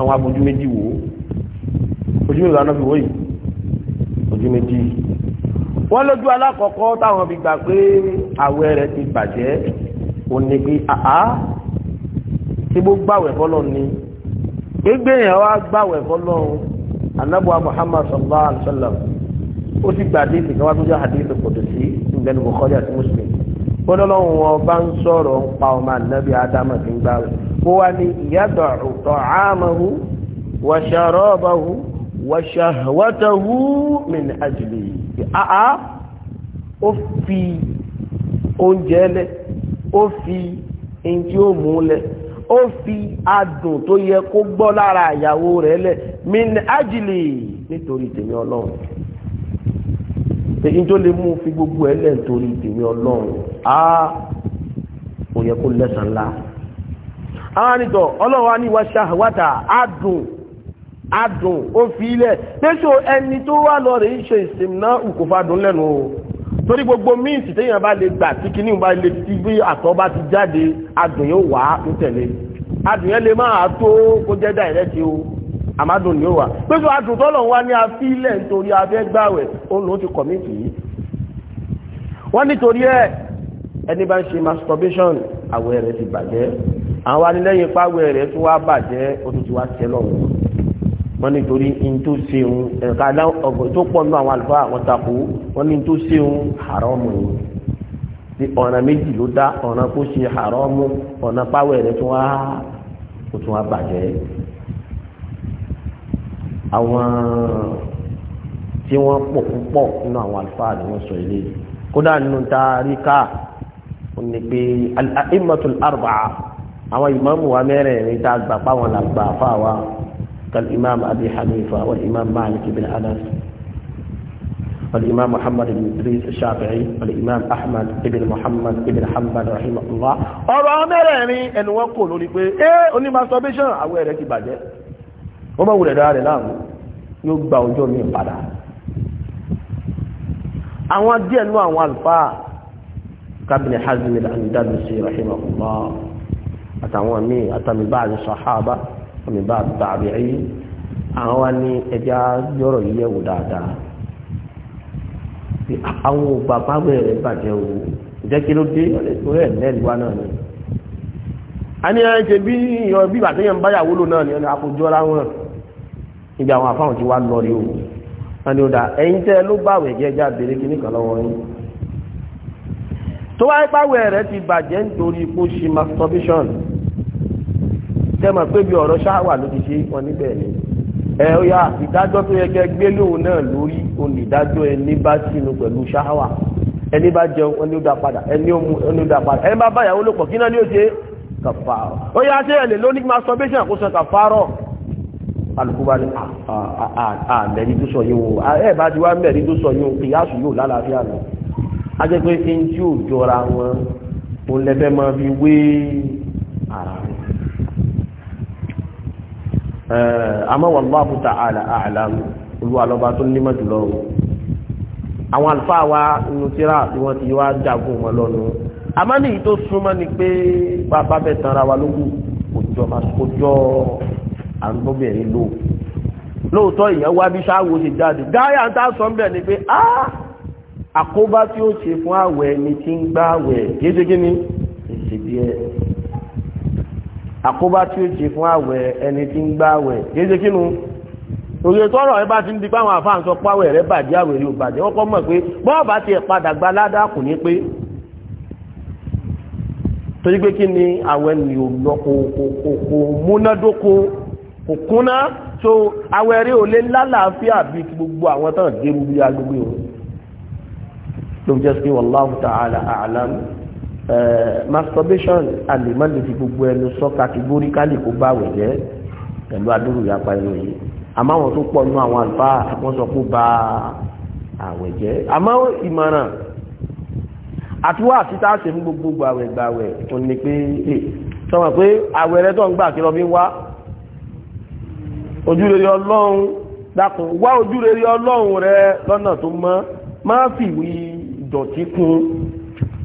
àwọn abojú méjì wò ó ojú méjì lànà fi wò yìí ojú méjì wọ́n lójú alákọ̀ọ́kọ́ táwọn fi gbà pé àwẹ̀ rẹ̀ ti bàjẹ́ òní pé àá tí gbogbo àwẹ̀ fọlọ́ ni gbégbé yẹn wá gbàwẹ̀ fọlọ́run anábọ̀ muhammad sallallahu alayhi wa sallam ó sì gba àdéhùn kan wá tó jẹ́ àdéhùn kòtòsí ìgbẹ́nu bukhari àti muslim bọ́dọ̀lọ́hún wọn bá ń sọ̀rọ̀ ń pa ọmọ ànábì ádámà tí ń gbàwẹ̀ ó wá ní ìyàtọ̀ ta'amahu wa sharabahu wa min ajli àá ó fi oúnjẹ lẹ ó fi ẹni tí lẹ ó fi adùn tó yẹ kó gbọ́ lára ìyàwó rẹ̀ lẹ̀ min ajili nítorí tèmi ọlọ́run èyí tó lè mú fi gbogbo ẹ lẹ̀ nítorí tèmi ọlọ́run á kò yẹ kó lẹ́sàn ńlá àwọn ànìtọ̀ ọlọ́run á ní wa ṣàwátà adùn adùn ó fi ilẹ̀ pẹ́sọ ẹni tó wà lọ rẹ̀ ń ṣe ìsìn náà lẹ́nu o. torí gbogbo míǹtì téèyàn bá lè gbà tí kinní bá lè ti bí àtọ̀ bá ti jáde adùn yóò wá tó tẹ̀lé adùn yẹn lè máa tó kó jẹ́ dàìrẹ́tì o àmádùn ni ó wà pẹ̀lú adùn tọ́lọ̀ wa ní afílẹ̀ nítorí afẹ́ gbàwẹ̀ òun ló ti kọ̀mítì yìí wọ́n nítorí ẹ̀ ẹni bá ń ṣe masturbation àwẹ̀ rẹ̀ ti bàjẹ́ àwọn anilẹ́yìn pàwẹ̀ rẹ̀ tún wá bàjẹ́ ó tún ti wá tẹ́lọ̀ wọn wọ́n ní torí in tó seun ẹ̀ka ọ̀gbọ̀n tó pọ̀ nínú àwọn àlùfáà wọ́n takò wọ́n ní tó seun haramu yìí ti ọ̀nà méjì ló dá ọ̀nà kó ṣe haramu ọ̀nà páwẹ̀ rẹ̀ tún wá kó tún wá bàjẹ́ àwọn tí wọ́n pọ̀ púpọ̀ nínú àwọn àlùfáà ni wọ́n sọ ilé kódà nínú taari ká ó ní pé al-a'immatul arba'a àwọn ìmáàmù wa mẹ́rẹ̀ẹ̀rin tá a gbà pa wọn là gbà fáwa. كالإمام أبي حنيفة والإمام مالك بن أنس والإمام محمد بن إدريس الشافعي والإمام أحمد بن محمد بن حنبل رحمه الله ọ̀rọ̀ mẹ́rẹ̀ẹ̀rin ẹnu wọn kò lórí pé ẹ́ oní masturbation àwọ̀ ẹ̀rẹ́ ti bàjẹ́ wọ́n bá wùlẹ̀ dára rẹ̀ láàrùn yóò gba ọjọ́ mi padà àwọn díẹ̀ nú àwọn àlùfáà kábìnì hazmi al-Andalusi rahimahullah àtàwọn míì àtàmì báàzì sàhábà min ba'd tabi'in àwọn wa ní ẹja yọ̀rọ̀ yìí yẹ̀wò dáadáa àwọn ògbà pàmò rẹ̀ bàjẹ́ wò jẹ́ kí ló dé orí ẹ̀ lẹ́rìí wa náà ni a ní ẹ ṣe bí ìyọ̀ bí ìgbà téèyàn ń báyàwó lò náà ni ẹni àkójọ́ láwọn ibi àwọn afáwọn ti wá lọ rí o wọn ni ó dà ẹ̀yin tẹ́ ló báwẹ̀ jẹ́ ẹja béèrè kíní kan lọ́wọ́ yín tó wáyé pàwẹ̀ rẹ̀ ti bàjẹ́ nítorí kó ṣe masturbation tẹ́mọ̀ pé bí ọ̀rọ̀ ṣáwà ló ti ṣe wọn níbẹ̀ ni ẹ ó yá ìdájọ́ tó yẹ kẹ́ gbé lóun náà lórí onídájọ́ ẹni bá sínú pẹ̀lú ṣáwà ẹni bá jẹun ẹni ó dá padà ẹni ó mu ẹni ó dá padà ẹni bá báyàwó ló pọ̀ kí náà ni ó ṣe kàfàrọ̀ ó yá ṣé ẹ̀lẹ́ lóní masturbation kó sọ kàfàrọ̀ alùpùpù ni àmẹ́rí tó sọ yóò ẹ̀ bá ti wá mẹ́rí tó sọ yóò kìyàsù yóò lálàáfíà lọ ajẹ́ pé ẹni tí ò jọra wọn òun lẹ́fẹ́ máa fi wé ara rẹ̀ Eh, àmọ́ wallahu ta'ala a'lam olúwa lọ́ba tó nímọ̀ jùlọ o àwọn àlùfáà wa inú tíra tí wọ́n ti wá jagun wọn lọ́nu àmọ́ ní ìtò súnmọ́ ni pé bàbá fẹ́ tanra wa lókù òjò àkójọ àǹtọ́bẹ̀rẹ̀ lò lóòótọ́ ìyẹn wá bí sáwo ṣe jáde gáyà ń tá sọ ń bẹ̀ ni pé àkóbá tí ó ṣe fún àwẹ̀ ni tí ń gbá àwẹ̀ kéṣe kí ni èsì díẹ̀ àkóbá tí ó ṣe fún àwẹ̀ ẹni tí ń gbá àwẹ̀ kéde kínú òye tọrọ ẹ bá ti ń di báwọn àfáàn sọ páwẹ̀ rẹ bàjẹ́ àwẹ̀ yóò bàjẹ́ wọ́n kọ́ mọ̀ pé bọ́ọ̀bá tiẹ̀ padà gba ládàá kò ní pé torí pé kí ni àwẹ̀ ni ò lọ kò kò kò kò múnádóko kò kúnná so àwẹ̀ rí ò lè lálàáfíà bíi gbogbo àwọn tán dérú bí agbègbè o ló sí wallahu ta'ala a'lam. Eh, masturbation alimọ́lẹ̀ fi gbogbo ẹnu sọ kàtígóríkálì kó bá wẹ̀ jẹ́ pẹ̀lú adúrú ìyapa ẹnu yìí àmọ́ àwọn tó pọ̀ nú àwọn àlùfáà wọ́n sọ kó bá àwẹ̀ jẹ́ àmọ́ ìmọ̀ràn àtiwá àti tá a ṣe fún gbogbo gbàwẹ̀ gbàwẹ̀ òun ni pé eh, sọmọ pé àwẹ̀ rẹ tó ń gbà kí lọ fi wá ojúrere ọlọ́run dákun wá ojúrere ọlọ́run rẹ lọ́nà tó mọ́ má fìwé ìdọ̀tí kún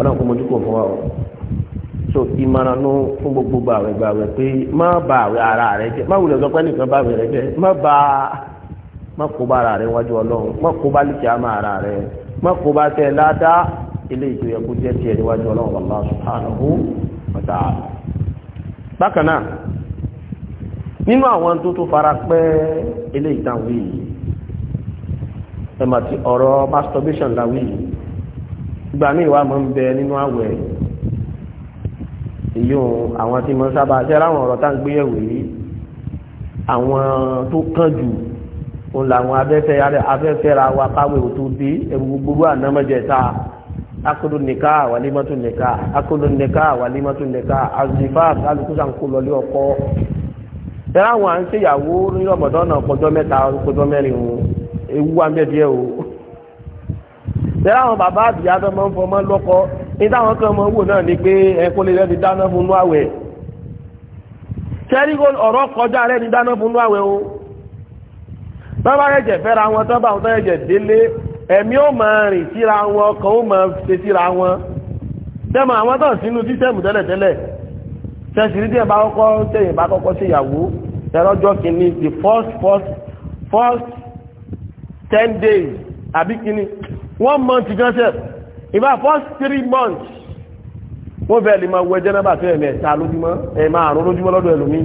ọlọ́run kò mójú kò fún wa o so ìmọ̀ràn nu fún gbogbo bàwẹ̀ bàwẹ̀ pé má bà àwẹ̀ ara rẹ jẹ́ má wulẹ̀ sọpẹ́ nìkan bàwẹ̀ rẹ jẹ́ má bà má kó bá ara rẹ wájú ọlọ́run má kó bá lìkì àmà ara rẹ má kó bá tẹ ládàá ilé ìtò yẹ kó jẹ́ tiẹ̀ níwájú ọlọ́run Allah subhanahu wa ta'ala. bákan náà nínú àwọn tó tó fara pẹ́ ilé ìtàn wíì ẹ̀ mà ti ọ̀rọ̀ masturbation la wíì ìgbà míì wà máa ń bẹ nínú àwẹ̀ èyí òun àwọn tí mo sábà ṣe láwọn ọ̀rọ̀ tá à ń gbéyẹ̀wò yìí àwọn tó kàn jù òun làwọn abẹ́fẹ́ abẹ́fẹ́ ra wa káwé tó dé ẹ̀rù gbogbo ànámọ́jẹta akulu nika walimatu nika akulu nika walimatu nika azifa kálukú sànkó lọlé ọkọ tẹ́lá àwọn à ń ṣèyàwó ní ọmọdé ọ̀nà ọ̀pọ̀jọ́ mẹ́ta ọ̀pọ̀jọ́ mẹ́rin ewu wa ń bẹ̀ díẹ̀ o tẹ́lá àwọn bàbá àbíyá tó máa ń fọmọ lọ́kọ ní táwọn kan máa ń wò náà ni pé ẹ̀kọ́ lè lẹ́ni dáná fún inú àwẹ̀ tẹ́rí ọ̀rọ̀ kọjá rẹ̀ ni dáná fún inú àwẹ̀ o tọ́ bá rẹ̀ jẹ̀ fẹ́ra wọn tọ́ bá wọn tọ́ rẹ̀ jẹ̀ délé ẹ̀mí ó máa rìn síra wọn ọkàn ó máa ṣe síra wọn tẹ́mọ̀ àwọn tó sínú sísẹ́mù tẹ́lẹ̀tẹ́lẹ̀ tẹ́sìrí díẹ̀ bá kọ́kọ́ tẹ́yìn bá kọ́kọ́ sí ìyàwó the first first first ten days àbí one month gan sef ìbá first three months wọ́n fẹ́ lè máa wọ ẹjẹ́ náà bá fẹ́ ẹ̀mẹ́ta lójúmọ́ ẹ̀ máa rún lójúmọ́ lọ́dọ̀ ẹlòmíì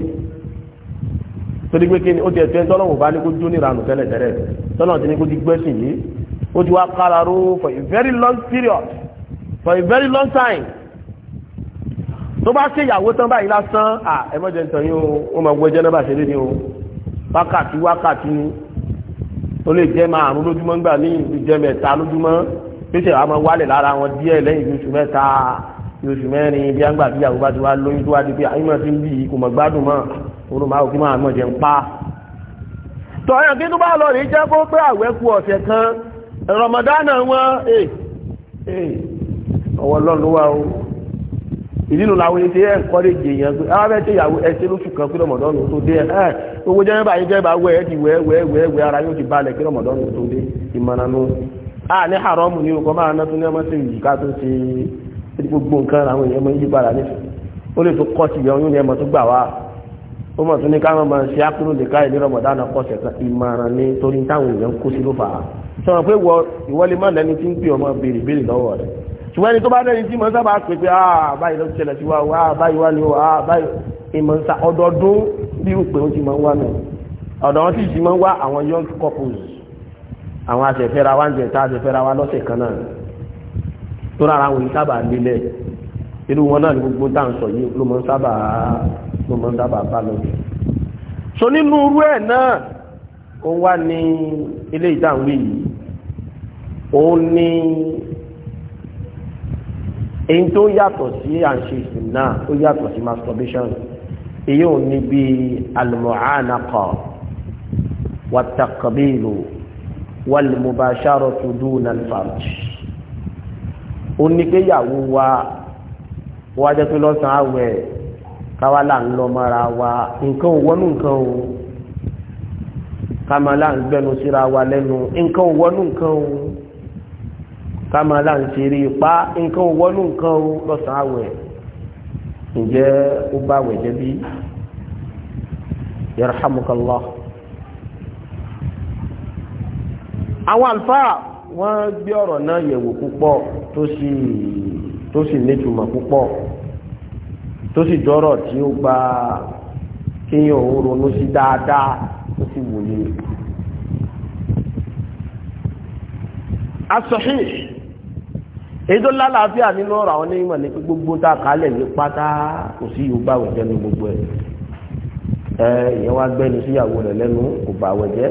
torí pé kíni ó ti ẹ̀fẹ́ tọ́lọ́wọ̀ bá ní kó jó níranù tẹ́lẹ̀ tẹ́lẹ̀ tọ́lọ́wọ̀ ti ní kó ti gbẹ́sìn yìí ó ti wá kára ró for a very long period for a very long time tó bá ṣe ìyàwó tán báyìí lásán à ẹ̀mọ́jẹ̀ ń tàn yín o ó máa wọ ẹjẹ́ náà bá ṣe lé ní o wákàtí wákàtí ni ó lè jẹ́ máa àrùn lójúmọ́ ńgbà ní ìlú jẹ́ mẹ́ta lójúmọ́ pèsè àwọn ọmọ wálẹ̀ lára wọn díẹ̀ lẹ́yìn oṣù mẹ́ta oṣù mẹ́rin bí àgbà bí àwọn bá ti wá lóyún tó wá di pé àyínmọ̀ ti ń bí kò mọ̀ gbádùn mọ́ oòrùn máa òkè máa mọ̀ jẹun pa. tọ́yọ̀ kí tó bá lọ rí jẹ́ kó pé àwẹ̀ ku ọ̀sẹ̀ kan Ramadan wọn eh, eh, ọwọ́ lọ́nà ìdí nu làwọn ẹsẹ ẹnkọrẹjì èèyàn pé àwọn abẹ́ tẹ ìyàwó ẹsẹ lóṣù kan pé rọmọdọ́nù tó dé ẹ eh, eh, owó jẹ́ bá yín jẹ́ bá wẹ̀ ti wẹ̀ wẹ̀ wẹ̀ ara yóò ti balẹ̀ pé rọmọdọ́nù tó dé a ah, ní haramu ní ọkọ̀ máa nátún ní ọmọ sí ìyí ká tó ṣe gbogbo nǹkan àwọn èèyàn mọ yí padà nífẹ̀ẹ́ ó lè tó kọ́ sí tó gbà wá ó mọ̀ ṣùgbọ́n ẹni tó bá dẹ́ni tí mo sábà pè pé ah báyìí ló ṣẹlẹ̀ sí wa wá báyìí wá ní o ah báyìí ìmọ̀ nsà ọdọọdún bí ìpè ó ti máa ń wá náà ọ̀dọ̀ wọn sì ti máa ń wá àwọn young couples àwọn àṣẹfẹ́ra wa ń jẹ ta àṣẹfẹ́ra wa lọ́sẹ̀ kan náà tó rárá wọn sábà lélẹ̀ irú wọn náà ní gbogbo tá à ń sọ yìí ló mọ sábà ló mọ sábà bá lọ. so nínú irú ẹ̀ náà ó wá ní ilé ìdáhùn yìí òun ní èyí tó yàtọ̀ sí àǹṣe ìsìn ó yàtọ̀ sí masturbation èyí ò ní bí almu'anaqa wattaqbilu walmubasharatu na ó ní pé yàwó wa wọ́n á jẹ́ pé lọ́sàn-án àwẹ̀ là ń lọ mọ́ra wa nǹkan ò wọ́nú nǹkan o là ń gbẹnu síra wa lẹ́nu nǹkan ò wọ́nú káma là ń ṣeré pa nǹkan wọnú nǹkan o lọ́sàn-án àwẹ̀ ǹjẹ́ ó bá wẹ̀ jẹ́ bí yarhamukallah. àwọn àlùfáà wọ́n gbé ọ̀rọ̀ náà yẹ̀wò púpọ̀ tó sì tó sì nítumọ̀ púpọ̀ tó sì jọ́rọ̀ tí ó gba kéèyàn ó ronú sí dáadáa tó sì wòye. asọ̀hìn èyí tó lálàáfíà nínú ọ̀rọ̀ àwọn onímọ̀ ní gbogbo tá a kálẹ̀ ní pátá kò sí yóò bá wẹ̀jẹ́ ní gbogbo ẹ̀ ẹ ìyẹn wá gbẹ́ni síyàwó rẹ̀ lẹ́nu kò bá wẹ̀jẹ́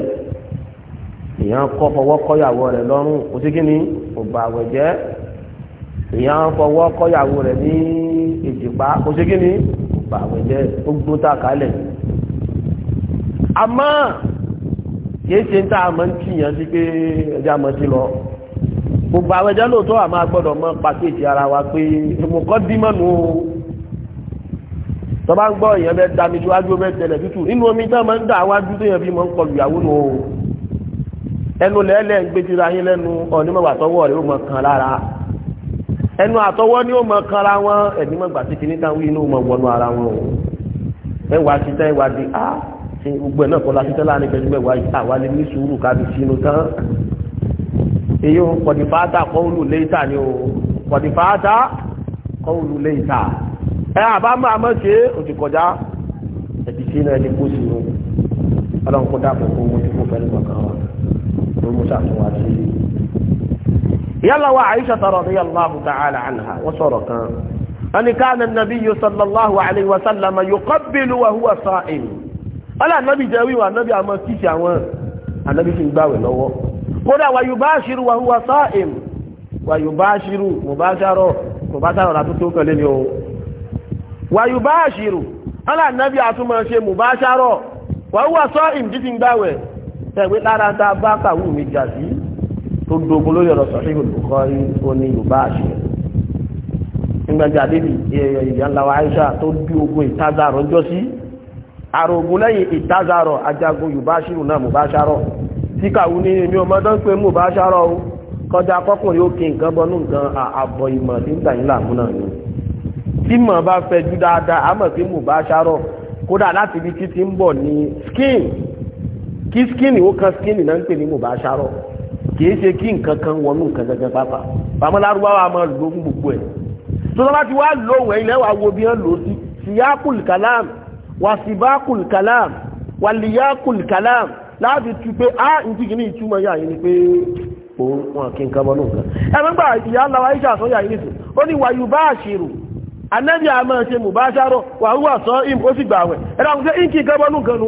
ìyẹn kọ́ fọwọ́ kọ́yàwó rẹ̀ lọ́rùn kò sí kíni kò bá wẹ̀jẹ́ ìyẹn fọwọ́ kọ́yàwó rẹ̀ ní ìjìpá kò sí kíni kò bá wẹ̀jẹ́ gbogbo tá a kálẹ̀ àmọ́ kìí ṣe ń tá a máa ń tìyàn a máa gbogbo àwọn ẹjọ́ lóòótọ́ àmọ́ agbọ́dọ̀ mọ pàkíyèsí ara wa pé ìmùkọ́ dímọ̀ nù ó tọ́ba ń gbọ́ èèyàn bẹ́ẹ̀ dami síwájú bẹ́ẹ̀ tẹ̀lẹ̀ tútù nínú omi tán máa ń dà wájú tó yẹn fi mọ́ ń kọlu ìyàwó nù ó ẹnu lẹ́lẹ̀ ń gbé tira yín lẹ́nu ọ̀nìmọ̀gbà tọwọ́ rẹ̀ ó mọ kan lára ẹnu àtọwọ́ ni ó mọ kan ra wọn ẹ̀dínmọ̀gbà tí kìíní táwọn inú mọ wọnú ara wọn o ẹ wá sí tẹ́ ẹ wá di a ah, ṣe gbogbo ẹ̀ náà kọ́ èyí ò kọ̀dìfáàtà kọ́ọ̀lù léyìítà ni o kọ̀dìfáàtà kọ́ọ̀lù léyìítà ẹ àbámọ́ àmọ́ ṣe òtù kọjá ẹ̀dì sí náà ẹni kó sí o ọlọ́run kó dáàbò kó wọ́n ti kó fẹ́ nípa kan wa ló mú sàtúnwá sí i. yálà wa Aisha radiyallahu ta'ala anha wọ́n sọ̀rọ̀ kan أن كان النبي صلى الله عليه وسلم يقبل وهو صائم ألا النبي جاوي والنبي أما تيشي النبي في kódà wà yubashiru wà huwa sa'im yubashiru mubasharo mubasharo la tutu kan o yubashiru ala nabi ṣe mubasharo wà huwa sa'im ti tin gbààwẹ̀ tẹ̀wé lára bá mi jà sí tó dogun lórí ọ̀rọ̀ Sahih al-Bukhari ní yubashiru nígbàjá débi Aisha tó bí ogun ìtazarọ̀ jọ sí àrògùn lẹ́yìn ajagun yubashiru náà tí kàwú ní èmi ọmọ tó ń pè mú bá ṣáró o kọjá kọkùnrin ó kí nǹkan bọnú nǹkan àbọ̀ ìmọ̀ tí ń tà yín ni tí mọ̀ bá fẹjú dáadáa àmọ̀ pé mú bá ṣáró kódà láti ibi títí ń bọ̀ ní skin kí skin ó kan skin náà ń pè ní mú bá ṣáró kìí ṣe kí nǹkan kan wọnú nǹkan gẹ́gẹ́ pápá pàmò lárúbáwá máa lò fún gbogbo ẹ̀ tó lọ́ba ti wá lóhùn ẹ̀yìn lẹ́wà wo bí wọ́n lò sí síyákùl kàlám wàsíbákùl kàlám wàlíyákùl kàlám láti tú pé á ìtìkì ní ìtumọ̀ yà yìí ni pé òun wọn kí n kan bọ́nú nǹkan ẹgbẹ́gbà ìyá aláwa iṣẹ́ àsọ́yà yìí nìtò ó ní wàyù bá àṣírù anẹ́bí a máa ṣe mù bá ṣáró wà ń wà sọ im ó sì gbà wẹ̀ ẹ̀rọ àwọn iṣẹ́ ìkì kan bọ́nú nǹkan nu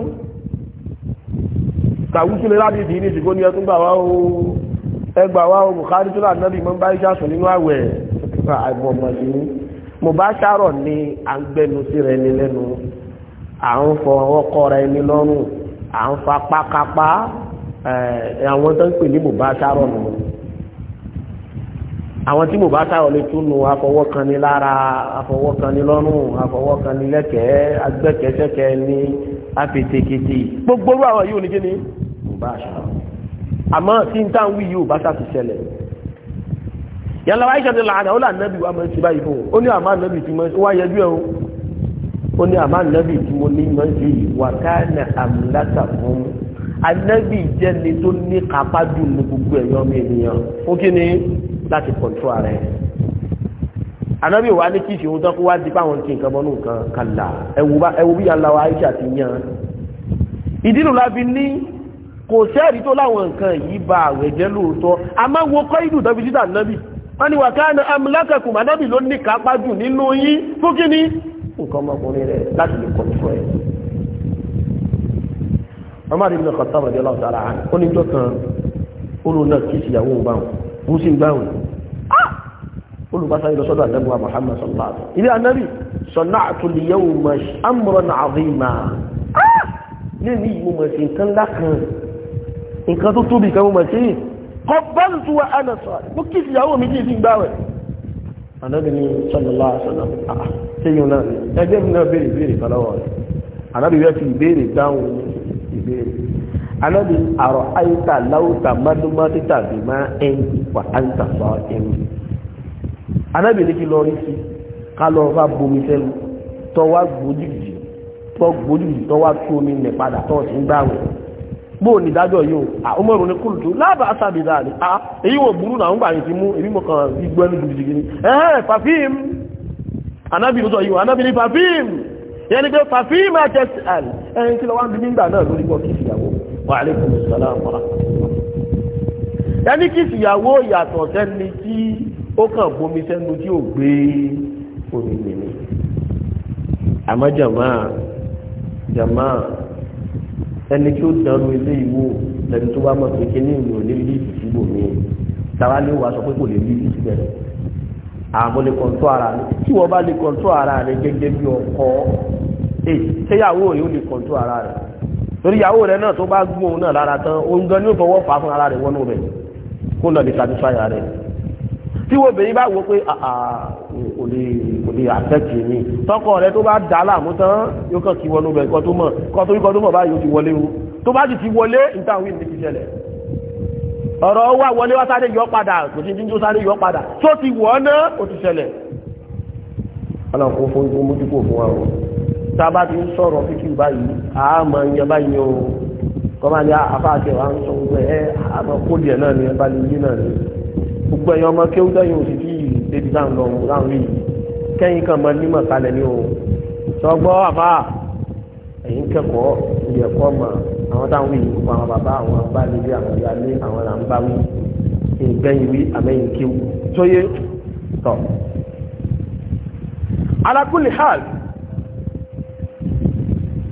tàwùsù lè láti ìdí ní ìsìnkú ní ẹtún gbà wá o ẹgbà wá o Bukhari tó lànàbí mọ́ bá iṣẹ́ àsùn nínú àwẹ̀ mù bá ṣáró ni à ń à ń fa pákápá àwọn tó ń pè ní bùbá sárọ̀ nù àwọn tí mo bá táwọn lè tún nu afọwọ́kanni lára afọwọ́kanni lọ́rùn afọwọ́kanni lẹ́kẹ̀ẹ́ agbẹ́kẹ̀ẹ́sẹ̀kẹ́ ní apètèkìtì gbogbo orú àwọn yìí ò ní kíni mo bá aṣọ àmọ́ tí n táwọn yìí ò bá sàtì ṣẹlẹ̀ yàrá wa ìṣẹ̀lẹ̀ làánà ó là nẹ́bí wa máa ń ṣe báyìí fún un ó ní àmọ́ nẹ́bí ó ní àmà nàbì tí mo ní mọ̀ ju yìí wà káàna àmúlátà fún anábì jẹ́ni tó ní kápá jù ní gbogbo ẹ̀yọ́ mi ènìyàn ó kí ni láti kọ̀ntró ara ẹ̀ anábì wa ní kí ìṣe òun tán kó wá di fáwọn tí nǹkan bọ́nú nǹkan kàlà ẹ̀wù bí aláwa Aisha ti yan ìdílù láfi ní kò sẹ́ẹ̀rí tó láwọn nǹkan yìí ba àwẹ̀ jẹ́ lóòótọ́ a wo kọ́ ìdù tàbí títà nábì wọ́n ni wà káàna amúlátà kùmà nábì ló ní kápá jù nínú yín fún kí nǹkan ọmọkùnrin rẹ̀ láti lè kọ̀ọ̀tún ẹ̀. Umar ibn Khattab radiyallahu ta'ala anhu ó ní jọ́kan olóhùn náà kí ìyàwó ń báwọn òun sì ń báwọn olùbásáyé ah! lọ́sọ́dọ̀ àdẹ́gbọ́ Muhammad sallallahu alaihi wasallam ilé anábì sana'tu al-yawma amran 'azima ah! ní ní ìwò mọ̀ sí nǹkan ńlá nǹkan tó tóbi kan mọ̀ sí kọ̀bẹ́ntù wa ana sọ anabi ni sallallahu alaihi wasallam ah sẹ́yìn náà ẹgbẹ́ mi náà béèrè ìbéèrè kọlọ́wọ́ rẹ̀ anabi wẹ́ẹ́ fi ìbéèrè dáhùn ìbéèrè anabi àrọ̀ àyíká láwùtà mádùmátítà bí máa ń wà àyíká sọ ẹnu anabi ní kí lọ rí sí ká lọ bá bomi sẹ́nu tọ́ wá gbójújì bóò ní ìdájọ́ yóò àmọ́rù ní kúrùtù lábà àsàbìdà ní a èyí wọ̀ burú náà ń gbà yìí ti mú èmi mọ̀ kan igbó ẹnu gbùgbù jìgìrì ẹ̀hẹ́ fàfíìm anábì ló sọ yìí anábì ní fàfíìm yẹn ni pé fàfíìm àtẹ́sì àlì ẹ̀yìn kí lọ wá ń bí nígbà náà lórí pọ̀ kí ìyàwó wà alaikum salaam wa rahmatullah ẹni kí ìyàwó yàtọ̀ sẹ́ni tí ó kàn bomi sẹ́nu tí ò gbé omi nìyí àmọ́ jàmáà jàmáà ẹni tí ó dànù ilé ìwò lẹni tó bá mọ̀ pé kí ní ìlú ò ní lè fi síbò mí tàwa ní wàá sọ pé kò lè lè fi síbẹ̀ àmọ́ lè kọ̀ǹtọ́ ara rẹ̀ tí wọ́n bá lè kọ̀ǹtọ́ ara rẹ̀ gẹ́gẹ́ bí ọkọ ẹ̀ eh, ṣéyàwó rẹ̀ ó lè kọ̀ǹtọ́ ara rẹ̀ torí ìyàwó rẹ̀ náà tó bá gún òun náà lára tán òun gan ni ó fọwọ́ fà á fún ara rẹ̀ wọnú rẹ̀ kó lọ lè satisfy ara rẹ̀ tí wọ́n bẹ̀rẹ̀ bá wọ pé àà kò lè àtẹ́kì mi tọkọ rẹ tó bá dà á láàmú tán yóò kàn kí wọnú bẹ̀rẹ̀ kọ́ tó mọ̀ kọ́ tó kọ́ tó mọ̀ báyìí ó ti wọlé o tó bá sì ti wọlé ìtàwí ní ti ṣẹlẹ̀ ọ̀rọ̀ wà wọlé wá sáré yọ padà kò sí tó sáré yọ padà tó ti wọ̀ ọ́ ó ti ṣẹlẹ̀ ọlọ́kùn fún ikú mójúkò fún wa o tá a bá ti ń sọ̀rọ̀ fífi báyìí àmọ́ ìyẹn báyìí o kọ́má ní àfáàkẹ́ wa ń sọ gbogbo ẹ̀ àmọ́ kódìẹ̀ náà ni débi táwọn lọ wò láwọn yìí kẹ́yìn kan mọ nímọ̀ kalẹ̀ ní o sọgbọ́ àbá ẹ̀yìn kẹ́kọ̀ọ́ ìyẹ̀ ẹ̀kọ́ mọ̀ àwọn táwọn yìí kó àwọn bàbá àwọn bá níbi àwọn ìyá lé àwọn là ń bá wí ìgbẹ́yìn wí àmẹ́yìn kíw tóyé tọ̀. alákùnlé hàl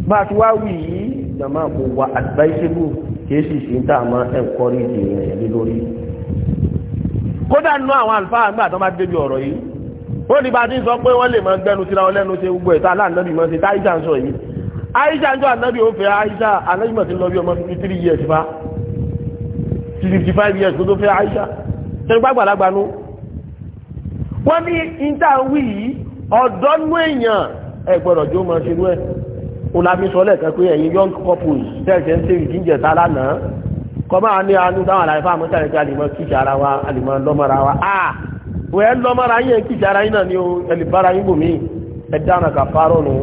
bá a ti wá wí yìí jama kò wá advisable kí èsì sí ń tà máa ẹ̀kọ́ rí ìdè kódà nú àwọn àlùfáà àgbà tó bá débi ọ̀rọ̀ yìí ó ní bá ti sọ pé wọ́n lè máa gbẹnu síra wọn lẹ́nu ṣe gbogbo ẹ̀ta aláàbí mọ́ ṣe tá Aisha ń sọ yìí Aisha ń jọ ànábì ó fẹ́ Aisha anábì mọ̀ sí lọ bí ọmọ fifty three years fa fifty five years tó fẹ́ Aisha ṣẹ́ni gbàgbàlagbà nu. wọ́n ní intanwi yìí ọ̀dọ́ nú èèyàn ẹgbẹ̀rọ̀ jó máa ṣe nú ẹ̀ ọ̀làmísọ̀lẹ̀ kan pé ẹ̀yin young couples tẹ̀sẹ̀ ń ṣe ìdíjẹ̀ta lánàá kọ́mọ́ àní àánú àlàyé fáwọn a lè mọ kíṣe ara wa a lè mọ lọ́mọ́ra wa a wò ẹ́ lọ́mọ́ra yín kíṣe ara náà ni o ẹlẹ́bára yín bòmí ẹ kà fárọ̀ nù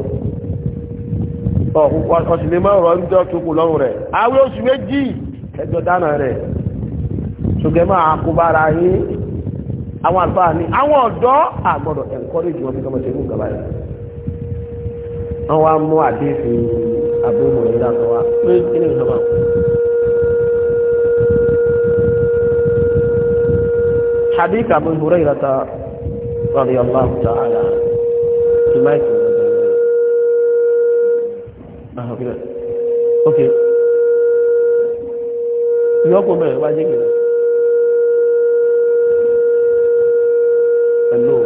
ọ̀sìnlẹ́mọ̀ rọ̀ ń jọ́ tó kù lọ́rùn rẹ̀ àwọn oṣù méjì ẹjọ́ dáná rẹ̀ àwọn àlùfáà àwọn ọ̀dọ́ àgbọ̀dọ̀ àdéhùn àbúrò wa pé kí ni ìjọba hadith Abu Hurairah radiyallahu ta'ala tumaiki ah okay okay yoko me wa je kire hello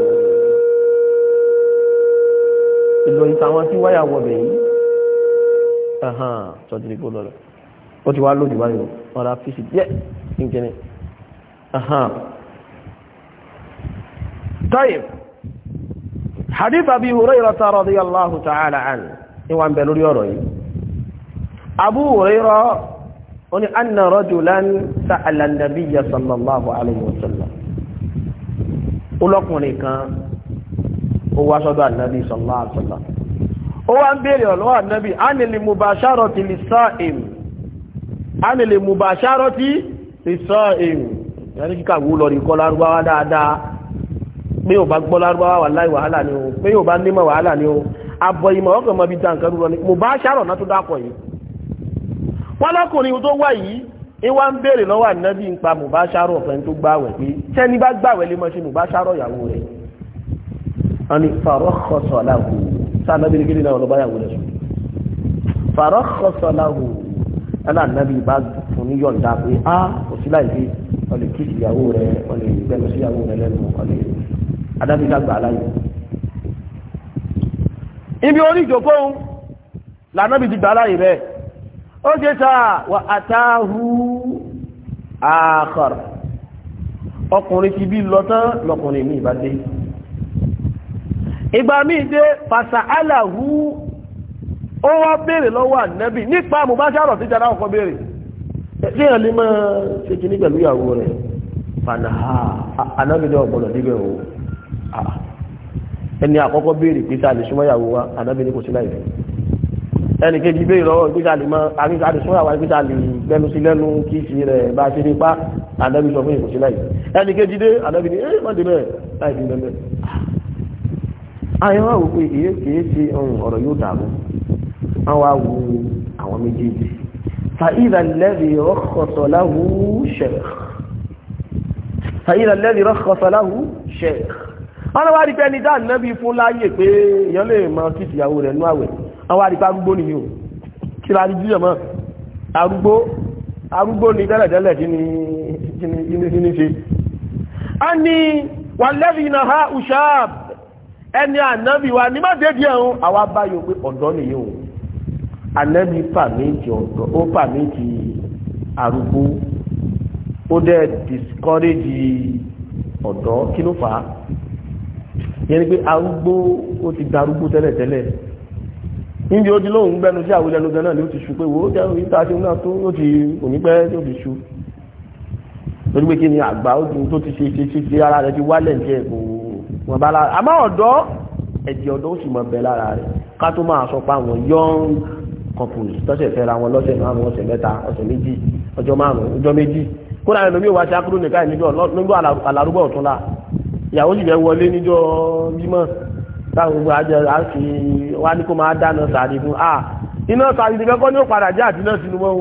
ìlò ìtàwọn tí wáyà wọ̀bẹ̀ yìí ẹ̀hàn tọ́jú kó lọ́rọ̀ ó ti wá lójú báyìí ọ̀rá fíṣì díẹ̀ ní ẹ̀hàn طيب حديث أبي هريرة رضي الله تعالى عنه إيوان بلور يوري أبو هريرة أن رجلا سأل النبي صلى الله عليه وسلم ọlọ́kùnrin kan ó wá sọ́dọ̀ ànábì sallallahu alaihi wasallam ó wá ń béèrè ọ̀lọ́wọ́ ànábì ánìlè mubasharati lis-sa'im ánìlè mubasharati lis-sa'im yàní kíkà wú lọ rí kọ́ lárúbáwá dáadáa pé yóò bá gbọ́ lárúbáwá wà láì wàhálà ni o pé yóò bá nímọ̀ wàhálà ni o abọ ìmọ̀ ọkàn mọ̀ bí dáǹkan rúrọ ni mo bá ṣàrọ̀ náà tó dápọ̀ yìí wọ́n lọ́kùnrin tó wà yìí ìwà ń béèrè lọ́wọ́ ànábì ń pa mo bá ṣàrọ̀ ọ̀fẹ́ tó gbàwẹ̀ pé sẹ́ni bá gbàwẹ̀ lè mọ̀ ṣe mo bá ṣàrọ̀ ìyàwó rẹ̀ ni fàrọ́kọ̀sọ̀ ah, láhù kí ìyàwó rẹ̀ ọ̀lẹ̀ gbẹ̀mọ̀ sí ìyàwó rẹ̀ lẹ́nu ọ̀lẹ̀ adábíká gbà láyé ibi orí ìjòkóhun lànàbí ti gbà láyé rẹ̀ ó jẹ́ sáà wà àtàhù àkọ̀r ọkùnrin ti bí lọ́tán lọ́kùnrin mi ìbá dé ìgbà míì dé fàṣà aláhù ó wá béèrè lọ́wọ́ ànẹ́bì nípa mùbáṣárọ̀ sí jara ọkọ̀ béèrè tí èèyàn lè máa ṣe kìíní pẹ̀lú ìyàwó rẹ̀ fàdà ànábìdẹ̀ ọ̀gbọ̀nà níbẹ̀ òun Ah. ẹni àkọ́kọ́ béèrè pé sáà lè súnmọ́ ìyàwó wa ànábì ní kò sí láì fẹ́ ẹni kejì béèrè lọ́wọ́ pé sáà lè mọ àríkà lè súnmọ́ ìyàwó wa pé sáà lè gbẹnu sí lẹ́nu kí sí rẹ̀ bá ṣe ní pa ànábì sọ fún ìkòsí láì ẹni kejì dé ànábì ní ẹ́ mọ́dé bẹ́ẹ̀ láì fi bẹ́ẹ̀ ayé wá wò pé èyí kìí ṣe ọ̀rọ̀ yóò dàrú wọ́n wá wo àwọn méjèèjì fàílà lẹ́rìí rọ́kọ̀sọ̀ láwù ṣẹ̀ẹ̀ wọ́n wá rí pé ẹni dáà náà bí fún láyè pé èèyàn lè mọ kíkì ìyàwó rẹ̀ nú àwẹ̀ wọ́n wá rí pé arúgbó nìyí o kí la rí jíjẹ̀ mọ́ arúgbó arúgbó ni tẹ́lẹ̀tẹ́lẹ̀ kí ni kí ni ṣe. a ní wàlẹ́bí iná ha ushab ẹni ànábì wa ní má dédé ẹ̀hún àwa báyọ̀ pé ọ̀dọ́ nìyí o ànábì pàmìtì ọ̀dọ́ ó pàmìtì arúgbó ó dẹ̀ discourage ọ̀dọ́ kí ló fà á yẹn ni pé arúgbó ó ti darúgbó tẹ́lẹ̀tẹ́lẹ̀ níbi ó di lóhùn gbẹnu sí àwọn ìlẹ́nu gan ni ó ti ṣu pé wo ó jẹ́ ìta ṣe náà tó ó ti òní pẹ́ tó ti ṣu torí pé kí ni àgbà ó ti tó ti ṣe ṣe ṣe ṣe ara rẹ̀ ti wálẹ̀ ní ẹ̀ kò wọ́n bá lára àmọ́ ọ̀dọ́ ẹ̀jẹ̀ ọ̀dọ́ ó sì mọ̀ bẹ́ lára rẹ̀ ká tó máa sọ pé àwọn young couples tọ́sẹ̀ fẹ́ra wọn lọ́sẹ̀ márùn ọ̀sẹ̀ mẹ́ta ọ̀sẹ̀ méjì ọjọ́ márùn ọjọ́ méjì kódà la ìyàwó sì fẹ́ wọlé níjọ́ bímọ táwọn gbogbo àjọ àti wá ní kó máa dáná sàárì fún a iná sàárì nìkan kọ́ ní ó padà jẹ́ àti náà sínú mọ́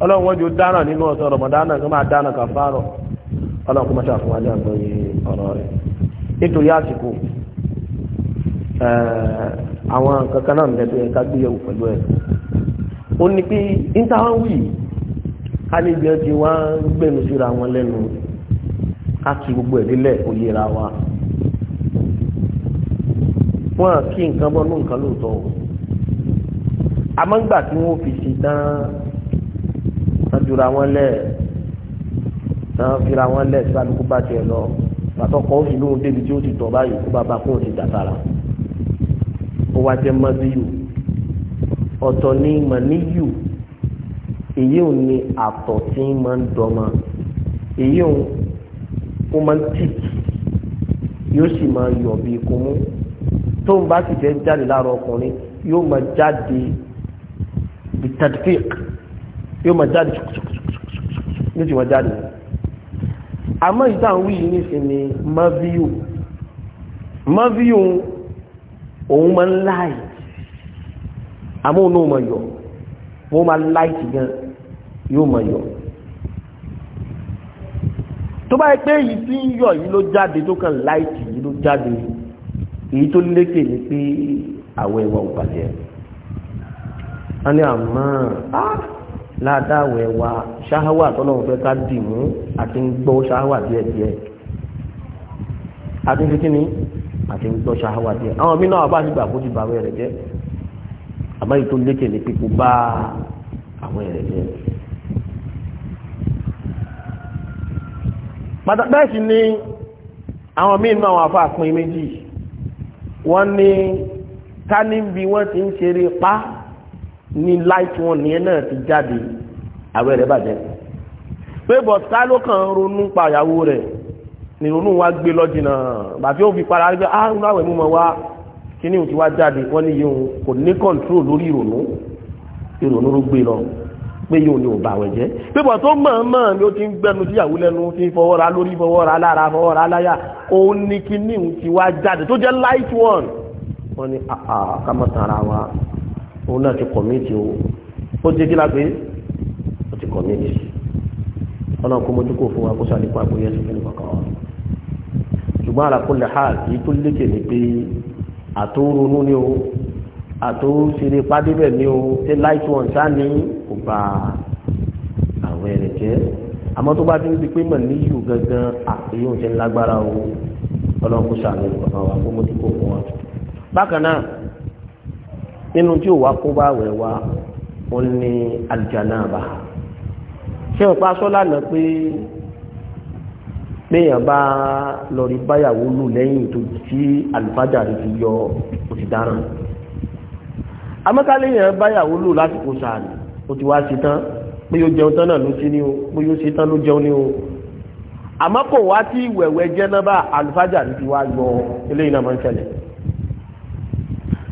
o wọn jò dáná nínú ọ̀sán rọ̀mọ̀dánà kó máa dáná kó máa nítorí àsìkò àwọn kankan náà tó yẹ ká káàkiri gbogbo ẹ̀ nílẹ̀ kò yẹra wa wọn kí nǹkan bọ́ ní nǹkan lóòótọ́ o àmọ́ tí wọ́n fi ṣe tán wọ́n jura wọn lẹ̀ tán fira wọn lẹ̀ sí alùpùpù bá tiẹ̀ lọ pàtọ́kọ́ ó sì lóhun débi tí ó ti tọ̀ báyìí kó bàbá kó ti dàtàrà ó wá jẹ́ mọ́bíyù ọ̀tọ̀ ni mọ̀níyù èyí ò ní àtọ̀ tí ń máa ń dọ́mọ èyí ò ó máa ń tì yóò sì máa yọ̀ bí ikú mú tó ń bá sì fẹ́ jáde láàárọ̀ ọkùnrin yóò máa jáde bitadfik yóò máa jáde yóò sì máa jáde àmọ́ ìtàn wíyí nísìnyí maviu maviu òun máa ń láì àmọ́ òun náà máa yọ̀ wọ́n máa láì gan yóò máa yọ̀ tó bá yẹ pé èyí tí ń yọ yìí ló jáde tó kàn láìtì yìí ló jáde èyí tó lékè ni pé àwẹ̀ wa ò bàjẹ́ wọ́n ní àmọ́ á ládàwẹ̀ wa ṣáháwà tọ́lọ́run fẹ́ ká dì mú àti ń gbọ́ ṣáháwà díẹ̀díẹ̀ àti ń fi kí ni àti ń gbọ́ ṣáháwà díẹ̀ àwọn mí náà wà bá ti gbà kó ti bàwẹ̀ rẹ̀ jẹ́ àmọ́ èyí tó lékè ni pé kó bá àwẹ̀ rẹ̀ jẹ́ pàtàkì ni àwọn míì náà wọ́n afá pin méjì wọ́n ní tání bí wọ́n ti ń ṣeré pa ni light wọn nìyẹn náà ti jáde àwẹ̀ rẹ̀ bàjẹ́ pé bọ̀tá ló ronú pa ìyàwó rẹ̀ nìrònú wa gbé lọ́jìnà bàbí ó fi para rí pé ah ń láwẹ̀ mú mọ́ wá kíní ò ti wá jáde wọ́n ní yìí kò ní kọ́ńtrol lórí ìrònú ìrònú ló gbé lọ pé yóò ní òbá àwọn jẹ́ pípọ̀ tó mọ̀ọ́mọ̀ ni ó ti ń gbẹnu síyàwó lẹ́nu ti fọwọ́ra lórí fọwọ́ra lára fọwọ́ra láyà òun ni kí ní òun ti wá jáde tó jẹ́ light one wọ́n ni àkàmọ́tara wa òun náà ti kọ̀míìtì o ó ti kílá pé ó ti kọ̀míìtì ọlọ́run kó mojú kò fún wa kó sàlékún àgbóyè sí fún ìkọ̀kọ̀ wa ṣùgbọ́n àlàkùnlé hàn kì í tó lékè àtò ṣeré padì bẹ́ẹ̀ ni o ṣe light one ṣá ní kò bá àwọn ẹ̀rẹ̀ jẹ́ àmọ́ tó bá ti ń di pé mọ̀ níyù gangan àpéyàn ṣe ń lágbára o ọlọ́run kò ṣàánú bàbá wa kó mo ti kó fún wa. bákan náà nínú tí ò wá kó bá wẹ̀ wá wọn ní aljanaba ṣé o pa aṣọ lánàá pé péyàn bá lọ rí báyàwó lù lẹ́yìn tó ti àlùfájà rẹ̀ ti yọ òtítàràn amákàléyàn báyàwó lò lásìkò sàárì ó ti wá sí tán pé yóò jẹun tán náà ló sí ní o pé yóò sí tán ló jẹun ní o àmọ́ kò wá tí ìwẹ̀wẹ̀ jẹ́ náà bá ti wá gbọ́ eléyìí náà máa ń ṣẹlẹ̀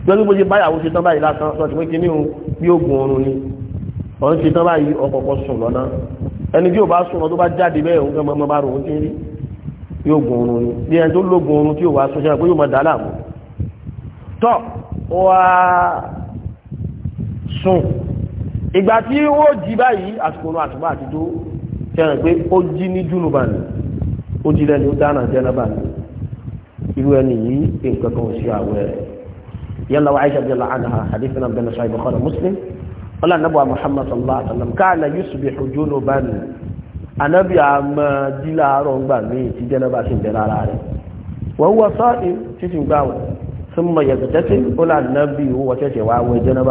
lọ́dún bó ṣe báyàwó ṣe tán báyìí lásán lọ́sí pé kíní o bí oògùn oorun ni ọ̀n ṣe tán báyìí ọkọ̀ọ̀kọ̀ sùn lọ́nà ẹni tí ò bá sùn lọ tó bá jáde bẹ́ẹ̀ òun sùn ìgbà tí ó jí báyìí àsìkò ọ̀nà àtúbà àti tó fẹ́ràn pé ó jí ní júnùbà ni ó jí lẹ́nu dáná jẹ́nàbà ni irú ẹni yìí nǹkan kan ò sí àwẹ̀ rẹ̀ yálà wa aisha bíyànlá anha hadithan abdullah sahib bukhari muslim wala nabuwa muhammad sallallahu alaihi wa sallam kana yusbihu junuban anabi àmà jí láàárọ̀ ńgbà míì tí jẹ́nàbà sì ń bẹ lára rẹ̀ wọ́n wọ́n sọ́ọ̀ títí gbà wọ́n sọ́mọ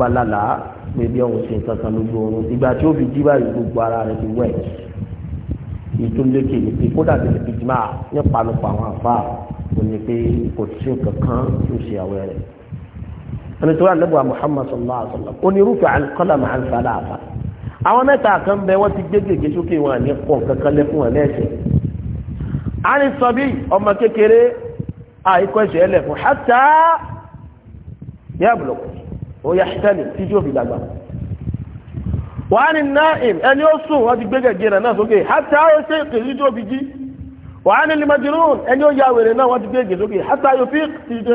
bá lálàá pé bí ọ̀hún ṣe nǹkan kan lójú oorun ìgbà tí ó fi jí báyìí gbogbo ara rẹ̀ ti wẹ̀ ètò lékè ní pé kódà tó ti fi máa nípa lópa àwọn àfa kò ní pé kò sí nǹkan kan tó ṣe àwẹ̀ rẹ̀ ẹni tó rà lẹ́bùn Muhammad sallallahu alaihi wa sallam onírúfẹ́ àkọlàmù àǹfààní àfa àwọn mẹ́ta kan bẹ wọ́n ti gbé gègé sókè wọn àní pọ̀ kankan lẹ́fún ẹ̀ lẹ́sẹ̀ àní sọ bí ọmọ kékeré àìkọ́ ìṣẹ̀lẹ̀ fún hátà yàbùlọ̀kù ó yá ṣẹ́lẹ̀ tí tí ó fi dàgbà wà ní na ẹni ó sùn wọ́n ti gbé gẹ̀gẹ̀ rẹ̀ náà sókè hátà ó ṣe kìí tí ó fi jí fi tí tí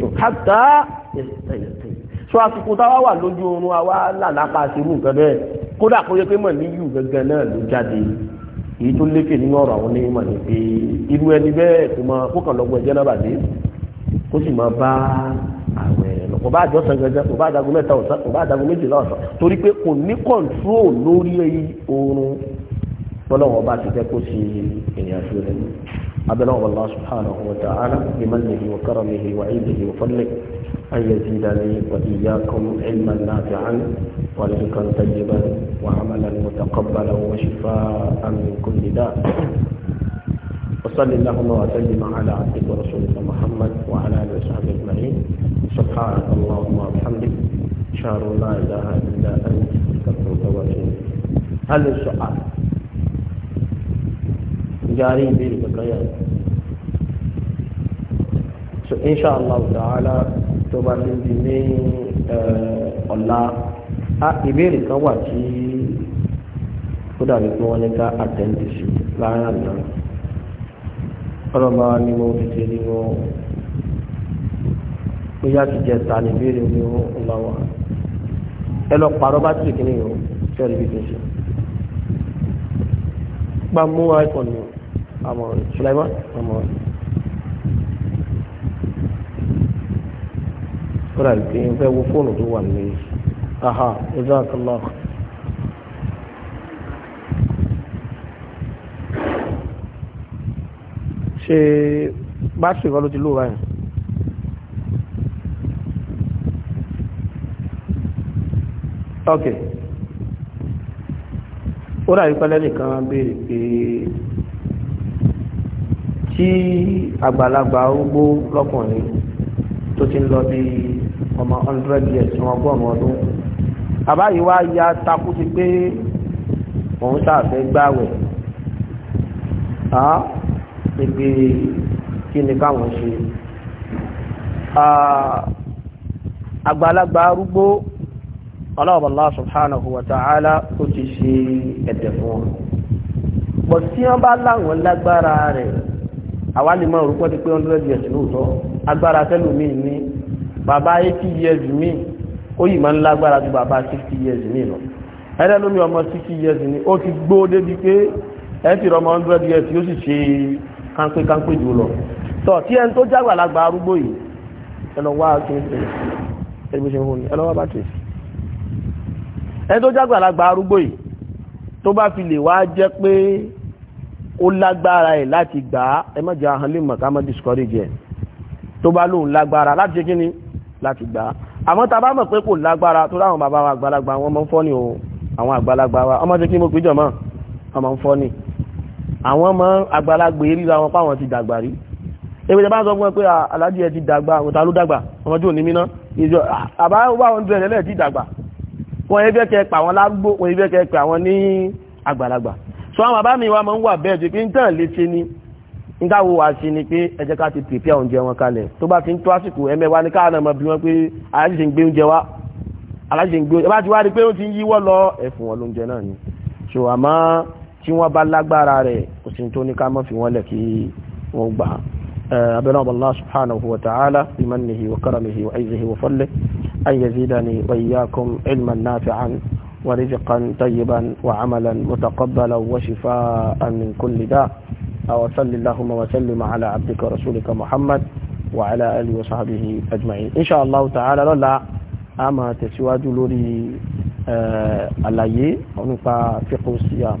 ya na so àsìkò táwa wa lójú orun awa làlápá sí irú nǹkan kódà kó yẹ pé mọ̀ náà ló jáde èyí tó lékè nínú ọ̀rọ̀ àwọn onímọ̀ ní pé irú ẹni bẹ́ẹ̀ mọ jẹ́ náà kó sì máa bá àwẹ̀ rẹ̀ lọ kò bá àjọsọ gẹ́gẹ́ kò bá àdagun mẹ́ta ọ̀sán kò bá àdagun méjìlá ọ̀sán torí pé kò ní kọ̀ǹtró lórí oorun bọ́lọ́wọ́ bá ti fẹ́ kó sí ènìyàn sí rẹ̀ أبلغ الله سبحانه وتعالى بمنه وكرمه وعيده وفضله أن يزيدني وإياكم علما نافعا ورزقا طيبا وعملا متقبلا وشفاء من كل داء وصل اللهم وسلم على عبدك ورسولك محمد وعلى اله وصحبه اجمعين سبحانك اللهم وبحمدك اشهد ان لا اله الا انت استغفرك واتوب هل السؤال جاري بيرك قيام so inshallah ta'ala tó bá ti di ní ọ̀la ìbéèrè kan wà tí ó dàbí pé wọ́n ní ká àtẹ̀ǹdì sí láàárín àná ọlọ́mọ ni mo tètè ni mo bóyá ti jẹ ta ní ìbéèrè mi ò ńlá wa ẹ lọ pààrọ̀ bátìrì kìíní o ṣé ẹ lè fi tó ṣe gba mú iphone mi àmọ́ Sulaiman àmọ́ kódà ìpín fẹ́ wo fóònù tó wà nílé aha jazakallah. ṣe bátìrì kan ló ti lò báyìí ok ó dàbí pẹ́lẹ́ nìkan béèrè pé tí àgbàlagbà arúgbó lọ́kùnrin tó ti ń lọ bí ọmọ hundred years wọn ọgọ́rùn-ún ọdún àbáyé wá ya takú ti pé òun ṣáà fẹ́ ibi kí ni káwọn ṣe àgbàlagbà arúgbó Allah subhanahu wa ta'ala ó ti ṣe ẹ̀dẹ̀ fún wọn bọ̀ tí wọ́n bá láwọn lágbára rẹ̀ àwa lè mọ orúkọ ti pé hundred years lóòótọ́ agbára tẹ́lòmíì ní bàbá eighty years míì ó yìí máa ń lágbára ju bàbá sixty years míì lọ ẹ̀rẹ́ lómi ọmọ sixty years ni ó ti gbó débi pé ẹ̀ ti rọmọ hundred years yóò sì ṣe kánpé kánpé jù lọ tọ tí ẹni tó jágbà lágbà arúgbó yìí ẹlọ wá kíńtì ẹgbẹ́sẹ̀ òun ẹlọ wá bàtì ẹni tó jágbà lágbà arúgbó yìí tó bá fi lè wá jẹ́ pé ó lágbára ẹ̀ láti gbà á ẹ má jẹ́ ahọ́n lè mọ̀ ká má discourage ẹ̀ tó bá lóun lágbára láti ṣe kíni láti gbà á àmọ́ ta bá mọ̀ pé kò lágbára tó láwọn bàbá wa àgbàlagbà wọn máa ń ni o àwọn àgbàlagbà wa ọmọ ṣe kí mo pè jọ̀mọ́ ọmọ ń ni àwọn ọmọ àgbàlagbè ríra wọn páwọn ti dàgbà rí ebèdè bá sọ fún ẹ pé ah, aláàjì ẹ ti dàgbà àwọn ta ló dàgbà ọmọdé òní mí náà ìjọ ah, àbá wà wọn dúró ẹ̀lẹ́lẹ̀ ti dàgbà wọn ẹgbẹ́ kẹ pa àwọn lágbó wọn ẹgbẹ́ kẹ pa àwọn ní àgbàlagbà so àwọn bàbá mi wà máa ń wà bẹ́ẹ̀ ju pé ń tàn lè ṣe ni nígbà wo wà sí ni pé ẹ ká ti pèpè oúnjẹ wọn kalẹ̀ tó bá ti ń tó àsìkò ẹ̀mẹ́ wa ní káàná mọ̀ bí wọ́n tí wọ́n bá lágbára rẹ̀ kò sí tó ní ká mọ́ fi wọ́n lẹ̀ kí wọ́n gbà abẹ́lẹ́ ọba Allah subhanahu wa ta'ala bi mannihi wa karamihi wa izzihi wa fadlihi an muhammad wa ala alihi wa sahbihi ajma'in insha Allah ta'ala lọ́la a máa tẹ̀síwájú lórí àlàyé nípa siyam